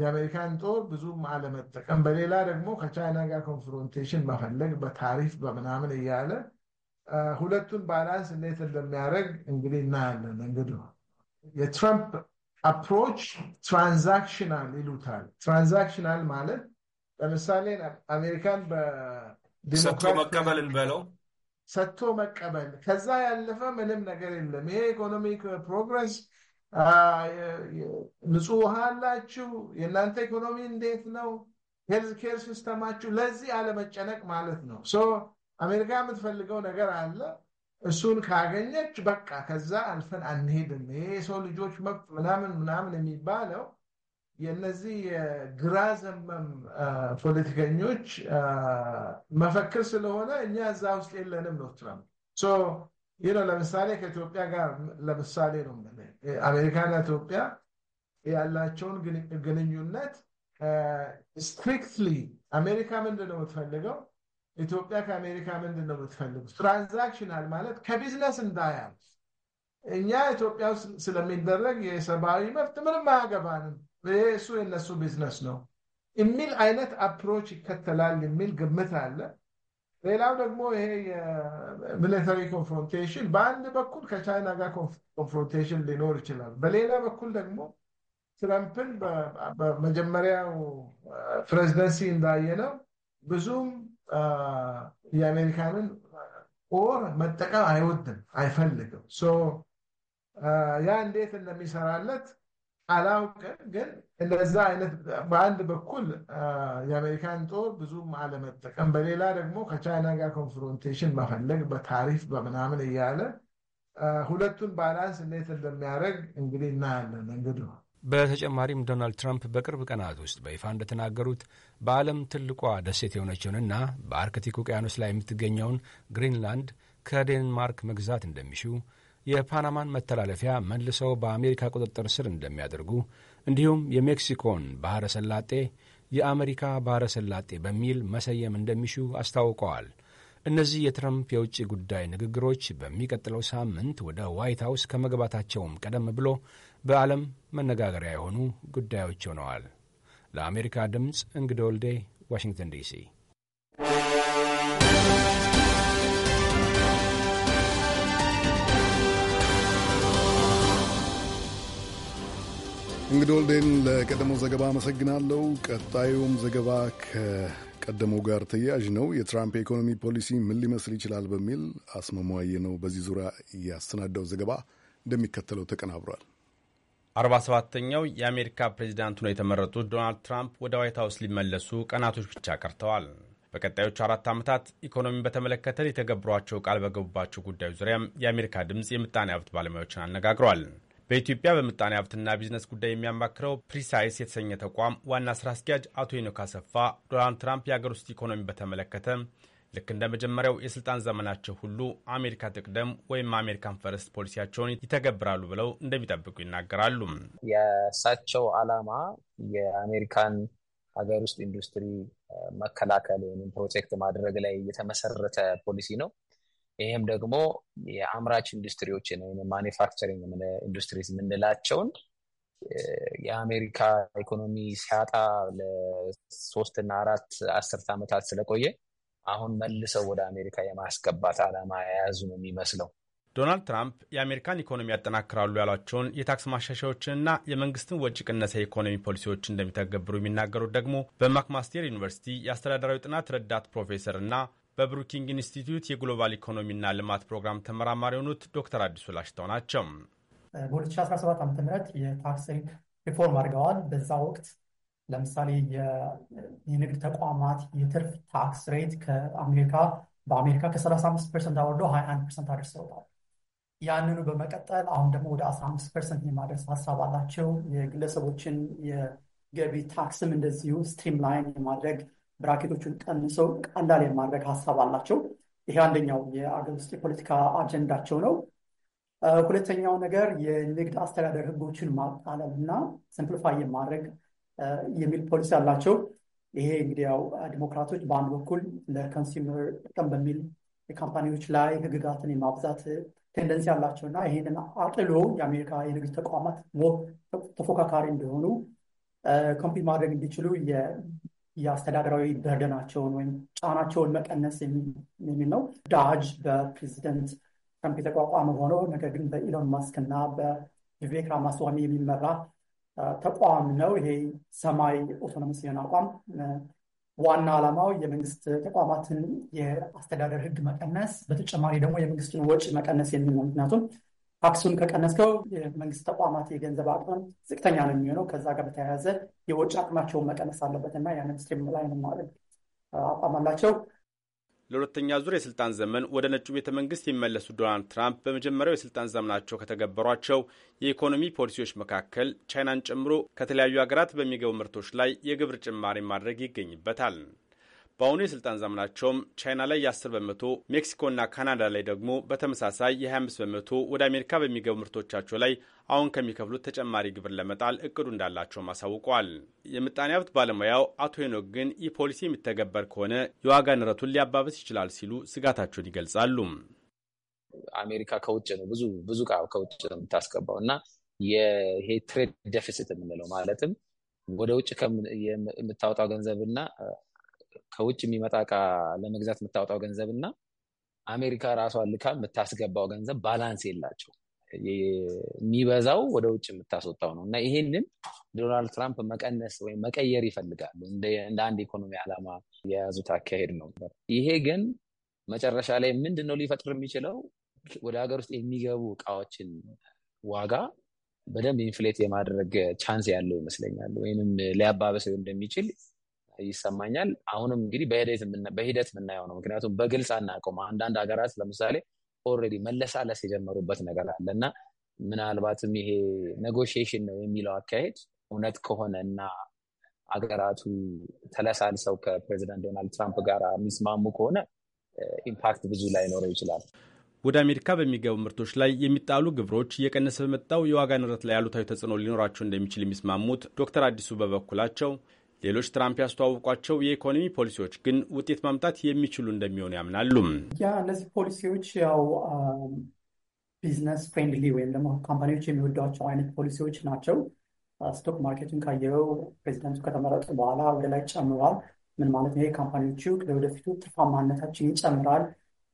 የአሜሪካን ጦር ብዙም አለመጠቀም፣ በሌላ ደግሞ ከቻይና ጋር ኮንፍሮንቴሽን መፈለግ በታሪፍ በምናምን እያለ ሁለቱን ባላንስ እንዴት እንደሚያደርግ እንግዲህ እናያለን። እንግዲህ የትራምፕ አፕሮች ትራንዛክሽናል ይሉታል። ትራንዛክሽናል ማለት ለምሳሌ አሜሪካን በሰጥቶ መቀበል እንበለው ሰጥቶ መቀበል፣ ከዛ ያለፈ ምንም ነገር የለም። ይሄ ኢኮኖሚክ ፕሮግረስ ንጹህ ውሃ አላችሁ? የእናንተ ኢኮኖሚ እንዴት ነው? ሄልዝ ኬር ሲስተማችሁ? ለዚህ አለመጨነቅ ማለት ነው። አሜሪካ የምትፈልገው ነገር አለ። እሱን ካገኘች በቃ ከዛ አልፈን አንሄድም። ይሄ የሰው ልጆች መብት ምናምን ምናምን የሚባለው የነዚህ የግራ ዘመም ፖለቲከኞች መፈክር ስለሆነ እኛ እዛ ውስጥ የለንም ነው ትራምፕ። ለምሳሌ ከኢትዮጵያ ጋር ለምሳሌ ነው አሜሪካና ኢትዮጵያ ያላቸውን ግንኙነት ስትሪክትሊ አሜሪካ ምንድን ነው የምትፈልገው? ኢትዮጵያ ከአሜሪካ ምንድን ነው የምትፈልጉት? ትራንዛክሽናል ማለት ከቢዝነስ እንዳያል እኛ ኢትዮጵያ ውስጥ ስለሚደረግ የሰብአዊ መብት ምንም አያገባንም፣ እሱ የነሱ ቢዝነስ ነው የሚል አይነት አፕሮች ይከተላል የሚል ግምት አለ። ሌላው ደግሞ ይሄ የሚሊተሪ ኮንፍሮንቴሽን በአንድ በኩል ከቻይና ጋር ኮንፍሮንቴሽን ሊኖር ይችላል። በሌላ በኩል ደግሞ ትረምፕን በመጀመሪያው ፕሬዚደንሲ እንዳየነው ብዙም የአሜሪካንን ኦር መጠቀም አይወድም፣ አይፈልግም። ያ እንዴት እንደሚሰራለት አላውቅም ግን እንደዛ አይነት በአንድ በኩል የአሜሪካን ጦር ብዙም አለመጠቀም፣ በሌላ ደግሞ ከቻይና ጋር ኮንፍሮንቴሽን መፈለግ በታሪፍ በምናምን እያለ ሁለቱን ባላንስ እንዴት እንደሚያደርግ እንግዲህ እናያለን። እንግዲህ በተጨማሪም ዶናልድ ትራምፕ በቅርብ ቀናት ውስጥ በይፋ እንደተናገሩት በዓለም ትልቋ ደሴት የሆነችውንና በአርክቲክ ውቅያኖስ ላይ የምትገኘውን ግሪንላንድ ከዴንማርክ መግዛት እንደሚሹ የፓናማን መተላለፊያ መልሰው በአሜሪካ ቁጥጥር ስር እንደሚያደርጉ እንዲሁም የሜክሲኮን ባሕረ ሰላጤ የአሜሪካ ባሕረ ሰላጤ በሚል መሰየም እንደሚሹ አስታውቀዋል። እነዚህ የትረምፕ የውጭ ጉዳይ ንግግሮች በሚቀጥለው ሳምንት ወደ ዋይት ሀውስ ከመግባታቸውም ቀደም ብሎ በዓለም መነጋገሪያ የሆኑ ጉዳዮች ሆነዋል። ለአሜሪካ ድምፅ እንግዳ ወልዴ ዋሽንግተን ዲሲ እንግዲህ ወልዴን ለቀደመው ዘገባ አመሰግናለሁ። ቀጣዩም ዘገባ ከቀደመው ጋር ተያያዥ ነው። የትራምፕ የኢኮኖሚ ፖሊሲ ምን ሊመስል ይችላል በሚል አስመሟየ ነው በዚህ ዙሪያ ያሰናዳው ዘገባ እንደሚከተለው ተቀናብሯል። አርባ ሰባተኛው የአሜሪካ ፕሬዚዳንት ሆነው የተመረጡት ዶናልድ ትራምፕ ወደ ዋይት ሀውስ ሊመለሱ ቀናቶች ብቻ ቀርተዋል። በቀጣዮቹ አራት ዓመታት ኢኮኖሚን በተመለከተ የተገብሯቸው ቃል በገቡባቸው ጉዳዮች ዙሪያም የአሜሪካ ድምፅ የምጣኔ ሀብት ባለሙያዎችን አነጋግሯል። በኢትዮጵያ በምጣኔ ሀብትና ቢዝነስ ጉዳይ የሚያማክረው ፕሪሳይስ የተሰኘ ተቋም ዋና ስራ አስኪያጅ አቶ ሄኖክ አሰፋ ዶናልድ ትራምፕ የአገር ውስጥ ኢኮኖሚ በተመለከተ ልክ እንደ መጀመሪያው የስልጣን ዘመናቸው ሁሉ አሜሪካ ትቅደም ወይም አሜሪካን ፈርስት ፖሊሲያቸውን ይተገብራሉ ብለው እንደሚጠብቁ ይናገራሉ። የእሳቸው ዓላማ የአሜሪካን ሀገር ውስጥ ኢንዱስትሪ መከላከል ወይም ፕሮቴክት ማድረግ ላይ የተመሰረተ ፖሊሲ ነው። ይህም ደግሞ የአምራች ኢንዱስትሪዎችን ማኒፋክቸሪንግ ኢንዱስትሪዝ የምንላቸውን የአሜሪካ ኢኮኖሚ ሲያጣ ለሶስትና አራት አስርት ዓመታት ስለቆየ አሁን መልሰው ወደ አሜሪካ የማስገባት ዓላማ የያዙ ነው የሚመስለው። ዶናልድ ትራምፕ የአሜሪካን ኢኮኖሚ ያጠናክራሉ ያሏቸውን የታክስ ማሻሻያዎችንና የመንግስትን ወጪ ቅነሳ የኢኮኖሚ ፖሊሲዎች እንደሚተገብሩ የሚናገሩት ደግሞ በማክማስቴር ዩኒቨርሲቲ የአስተዳደራዊ ጥናት ረዳት እና በብሩኪንግ ኢንስቲትዩት የግሎባል ኢኮኖሚና ልማት ፕሮግራም ተመራማሪ የሆኑት ዶክተር አዲሱ ላሽተው ናቸው። በ2017 ዓ ም የታክሲንግ ሪፎርም አድርገዋል። በዛ ወቅት ለምሳሌ የንግድ ተቋማት የትርፍ ታክስ ሬት ከአሜሪካ በአሜሪካ ከ35 ፐርሰንት አወርዶ 21 ፐርሰንት አድርሰውታል። ያንኑ በመቀጠል አሁን ደግሞ ወደ 15 ፐርሰንት የማድረስ ሀሳብ አላቸው። የግለሰቦችን የገቢ ታክስም እንደዚሁ ስትሪምላይን የማድረግ ብራኬቶቹን ቀንሰው ቀላል የማድረግ ሀሳብ አላቸው። ይሄ አንደኛው የአገር ውስጥ የፖለቲካ አጀንዳቸው ነው። ሁለተኛው ነገር የንግድ አስተዳደር ህጎችን ማቃለል እና ሲምፕሊፋይ የማድረግ የሚል ፖሊሲ አላቸው። ይሄ እንግዲህ ያው ዲሞክራቶች በአንድ በኩል ለኮንሱመር ጥቅም በሚል የካምፓኒዎች ላይ ህግጋትን የማብዛት ቴንደንሲ አላቸው እና ይህንን አጥሎ የአሜሪካ የንግድ ተቋማት ተፎካካሪ እንዲሆኑ ኮምፒ ማድረግ እንዲችሉ የአስተዳደራዊ በርደናቸውን ወይም ጫናቸውን መቀነስ የሚል ነው። ዳጅ በፕሬዚደንት ትራምፕ የተቋቋመ ሆኖ ነገር ግን በኢሎን ማስክ እና በቪቬክ ራማስዋሚ የሚመራ ተቋም ነው። ይሄ ሰማይ ኦቶኖሚስ የሆነ አቋም ዋና ዓላማው የመንግስት ተቋማትን የአስተዳደር ህግ መቀነስ፣ በተጨማሪ ደግሞ የመንግስትን ወጪ መቀነስ የሚል ነው። ምክንያቱም ታክሱን ከቀነስከው የመንግስት ተቋማት የገንዘብ አቅም ዝቅተኛ ነው የሚሆነው። ከዛ ጋር በተያያዘ የወጪ አቅማቸውን መቀነስ አለበት እና ያንን ስትሪም ላይ ማድረግ አቋም አላቸው። ለሁለተኛ ዙር የስልጣን ዘመን ወደ ነጩ ቤተ መንግስት የሚመለሱ ዶናልድ ትራምፕ በመጀመሪያው የስልጣን ዘመናቸው ከተገበሯቸው የኢኮኖሚ ፖሊሲዎች መካከል ቻይናን ጨምሮ ከተለያዩ ሀገራት በሚገቡ ምርቶች ላይ የግብር ጭማሪ ማድረግ ይገኝበታል። በአሁኑ የስልጣን ዘመናቸውም ቻይና ላይ የ10 በመቶ ሜክሲኮና ካናዳ ላይ ደግሞ በተመሳሳይ የ25 በመቶ ወደ አሜሪካ በሚገቡ ምርቶቻቸው ላይ አሁን ከሚከፍሉት ተጨማሪ ግብር ለመጣል እቅዱ እንዳላቸውም አሳውቀዋል። የምጣኔ ሀብት ባለሙያው አቶ ሄኖክ ግን ይህ ፖሊሲ የሚተገበር ከሆነ የዋጋ ንረቱን ሊያባብስ ይችላል ሲሉ ስጋታቸውን ይገልጻሉ። አሜሪካ ከውጭ ነው ብዙ ብዙ ዕቃ ከውጭ ነው የምታስገባው እና ይሄ ትሬድ ደፊሲት የምንለው ማለትም ወደ ውጭ የምታወጣው ገንዘብና ከውጭ የሚመጣ እቃ ለመግዛት የምታወጣው ገንዘብ እና አሜሪካ ራሷ ልካ የምታስገባው ገንዘብ ባላንስ የላቸው። የሚበዛው ወደ ውጭ የምታስወጣው ነው እና ይሄንን ዶናልድ ትራምፕ መቀነስ ወይም መቀየር ይፈልጋሉ። እንደ አንድ ኢኮኖሚ ዓላማ የያዙት አካሄድ ነው። ይሄ ግን መጨረሻ ላይ ምንድን ነው ሊፈጥር የሚችለው? ወደ ሀገር ውስጥ የሚገቡ እቃዎችን ዋጋ በደንብ ኢንፍሌት የማድረግ ቻንስ ያለው ይመስለኛል። ወይም ሊያባበሰው እንደሚችል ይሰማኛል። አሁንም እንግዲህ በሂደት የምናየው ነው። ምክንያቱም በግልጽ አናውቀውም። አንዳንድ ሀገራት ለምሳሌ ኦልሬዲ መለሳለስ የጀመሩበት ነገር አለ እና ምናልባትም ይሄ ኔጎሽሽን ነው የሚለው አካሄድ እውነት ከሆነ እና አገራቱ ተለሳልሰው ከፕሬዚዳንት ዶናልድ ትራምፕ ጋር የሚስማሙ ከሆነ ኢምፓክት ብዙ ላይኖረው ይችላል። ወደ አሜሪካ በሚገቡ ምርቶች ላይ የሚጣሉ ግብሮች እየቀነሰ በመጣው የዋጋ ንረት ላይ አሉታዊ ተጽዕኖ ሊኖራቸው እንደሚችል የሚስማሙት ዶክተር አዲሱ በበኩላቸው ሌሎች ትራምፕ ያስተዋውቋቸው የኢኮኖሚ ፖሊሲዎች ግን ውጤት ማምጣት የሚችሉ እንደሚሆኑ ያምናሉ። ያ እነዚህ ፖሊሲዎች ያው ቢዝነስ um, ፍሬንድሊ ወይም ደግሞ ካምፓኒዎች የሚወዷቸው አይነት ፖሊሲዎች ናቸው። ስቶክ ማርኬቱን ካየው ፕሬዚደንቱ ከተመረጡ በኋላ ወደ ላይ ጨምሯል። ምን ማለት ነው? ካምፓኒዎቹ ለወደፊቱ ትርፋማነታችን ይጨምራል፣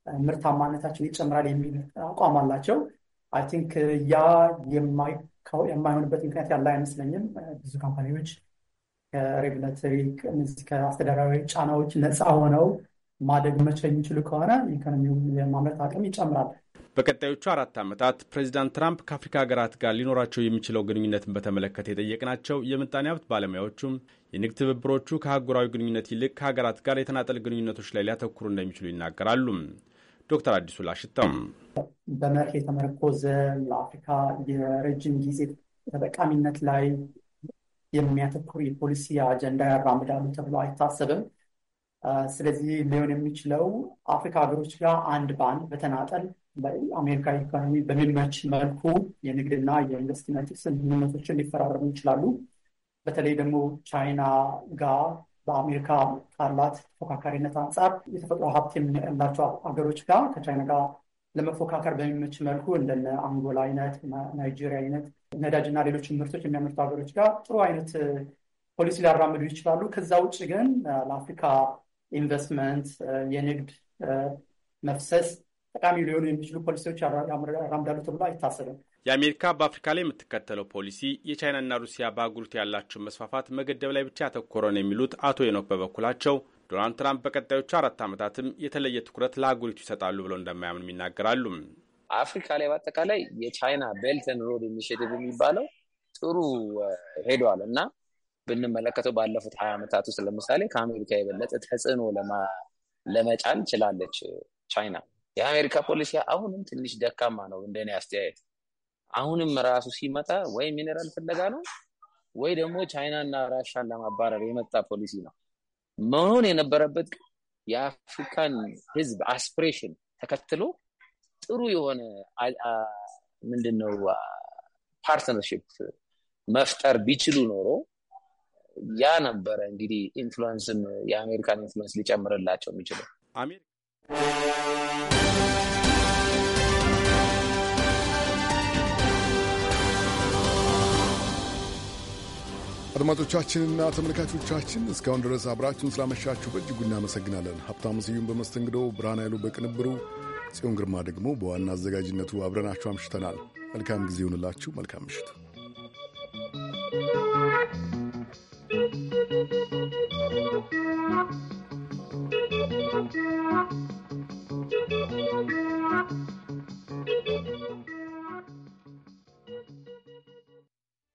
uh, ምርታማነታችን ይጨምራል የሚል አቋም አላቸው። አይ ቲንክ uh, ያ የማይሆንበት ምክንያት ያለ አይመስለኝም uh, ብዙ ካምፓኒዎች ከሬጉላተሪ ከአስተዳደራዊ ጫናዎች ነፃ ሆነው ማደግ መቼ የሚችሉ ከሆነ ኢኮኖሚውን የማምረት አቅም ይጨምራል። በቀጣዮቹ አራት ዓመታት ፕሬዚዳንት ትራምፕ ከአፍሪካ ሀገራት ጋር ሊኖራቸው የሚችለው ግንኙነትን በተመለከተ የጠየቅናቸው የምጣኔ ሀብት ባለሙያዎቹም የንግድ ትብብሮቹ ከአህጉራዊ ግንኙነት ይልቅ ከሀገራት ጋር የተናጠል ግንኙነቶች ላይ ሊያተኩሩ እንደሚችሉ ይናገራሉ። ዶክተር አዲሱ ላሽተም በመርህ የተመረኮዘ ለአፍሪካ የረጅም ጊዜ ተጠቃሚነት ላይ የሚያተኩር የፖሊሲ አጀንዳ ያራምዳሉ ተብሎ አይታሰብም። ስለዚህ ሊሆን የሚችለው አፍሪካ ሀገሮች ጋር አንድ በአንድ በተናጠል አሜሪካ ኢኮኖሚ በሚመች መልኩ የንግድና የኢንቨስትመንት ስምምነቶችን ሊፈራረሙ ይችላሉ። በተለይ ደግሞ ቻይና ጋር በአሜሪካ ካላት ተፎካካሪነት አንጻር የተፈጥሮ ሀብት ያላቸው ሀገሮች ጋር ከቻይና ጋር ለመፎካከር በሚመች መልኩ እንደነ አንጎላ አይነት፣ ናይጄሪያ አይነት ነዳጅና ሌሎች ምርቶች የሚያመርቱ ሀገሮች ጋር ጥሩ አይነት ፖሊሲ ሊያራምዱ ይችላሉ። ከዛ ውጭ ግን ለአፍሪካ ኢንቨስትመንት፣ የንግድ መፍሰስ ጠቃሚ ሊሆኑ የሚችሉ ፖሊሲዎች ያራምዳሉ ተብሎ አይታሰብም። የአሜሪካ በአፍሪካ ላይ የምትከተለው ፖሊሲ የቻይናና ሩሲያ በአህጉሪቱ ያላቸውን መስፋፋት መገደብ ላይ ብቻ ያተኮረ ነው የሚሉት አቶ የኖክ በበኩላቸው ዶናልድ ትራምፕ በቀጣዮቹ አራት ዓመታትም የተለየ ትኩረት ለአህጉሪቱ ይሰጣሉ ብለው እንደማያምን ይናገራሉ። አፍሪካ ላይ በአጠቃላይ የቻይና ቤልተን ሮድ ኢኒሽቲቭ የሚባለው ጥሩ ሄዷል። እና ብንመለከተው ባለፉት ሀያ ዓመታት ውስጥ ለምሳሌ ከአሜሪካ የበለጠ ተጽዕኖ ለመጫን ችላለች ቻይና። የአሜሪካ ፖሊሲ አሁንም ትንሽ ደካማ ነው እንደኔ አስተያየት። አሁንም ራሱ ሲመጣ ወይ ሚኔራል ፍለጋ ነው ወይ ደግሞ ቻይናና ራሻን ለማባረር የመጣ ፖሊሲ ነው። መሆን የነበረበት የአፍሪካን ህዝብ አስፒሬሽን ተከትሎ ጥሩ የሆነ ምንድነው ፓርትነርሽፕ መፍጠር ቢችሉ ኖሮ ያ ነበረ እንግዲህ ኢንፍሉንስን የአሜሪካን ኢንፍሉንስ ሊጨምርላቸው የሚችለው። አድማጮቻችንና ተመልካቾቻችን እስካሁን ድረስ አብራችሁን ስላመሻችሁ በእጅጉ እናመሰግናለን። ሀብታሙ ስዩም በመስተንግዶ፣ ብርሃን ያሉ በቅንብሩ ጽዮን ግርማ ደግሞ በዋና አዘጋጅነቱ አብረናችሁ አምሽተናል። መልካም ጊዜ ይሁንላችሁ። መልካም ምሽት። Thank you.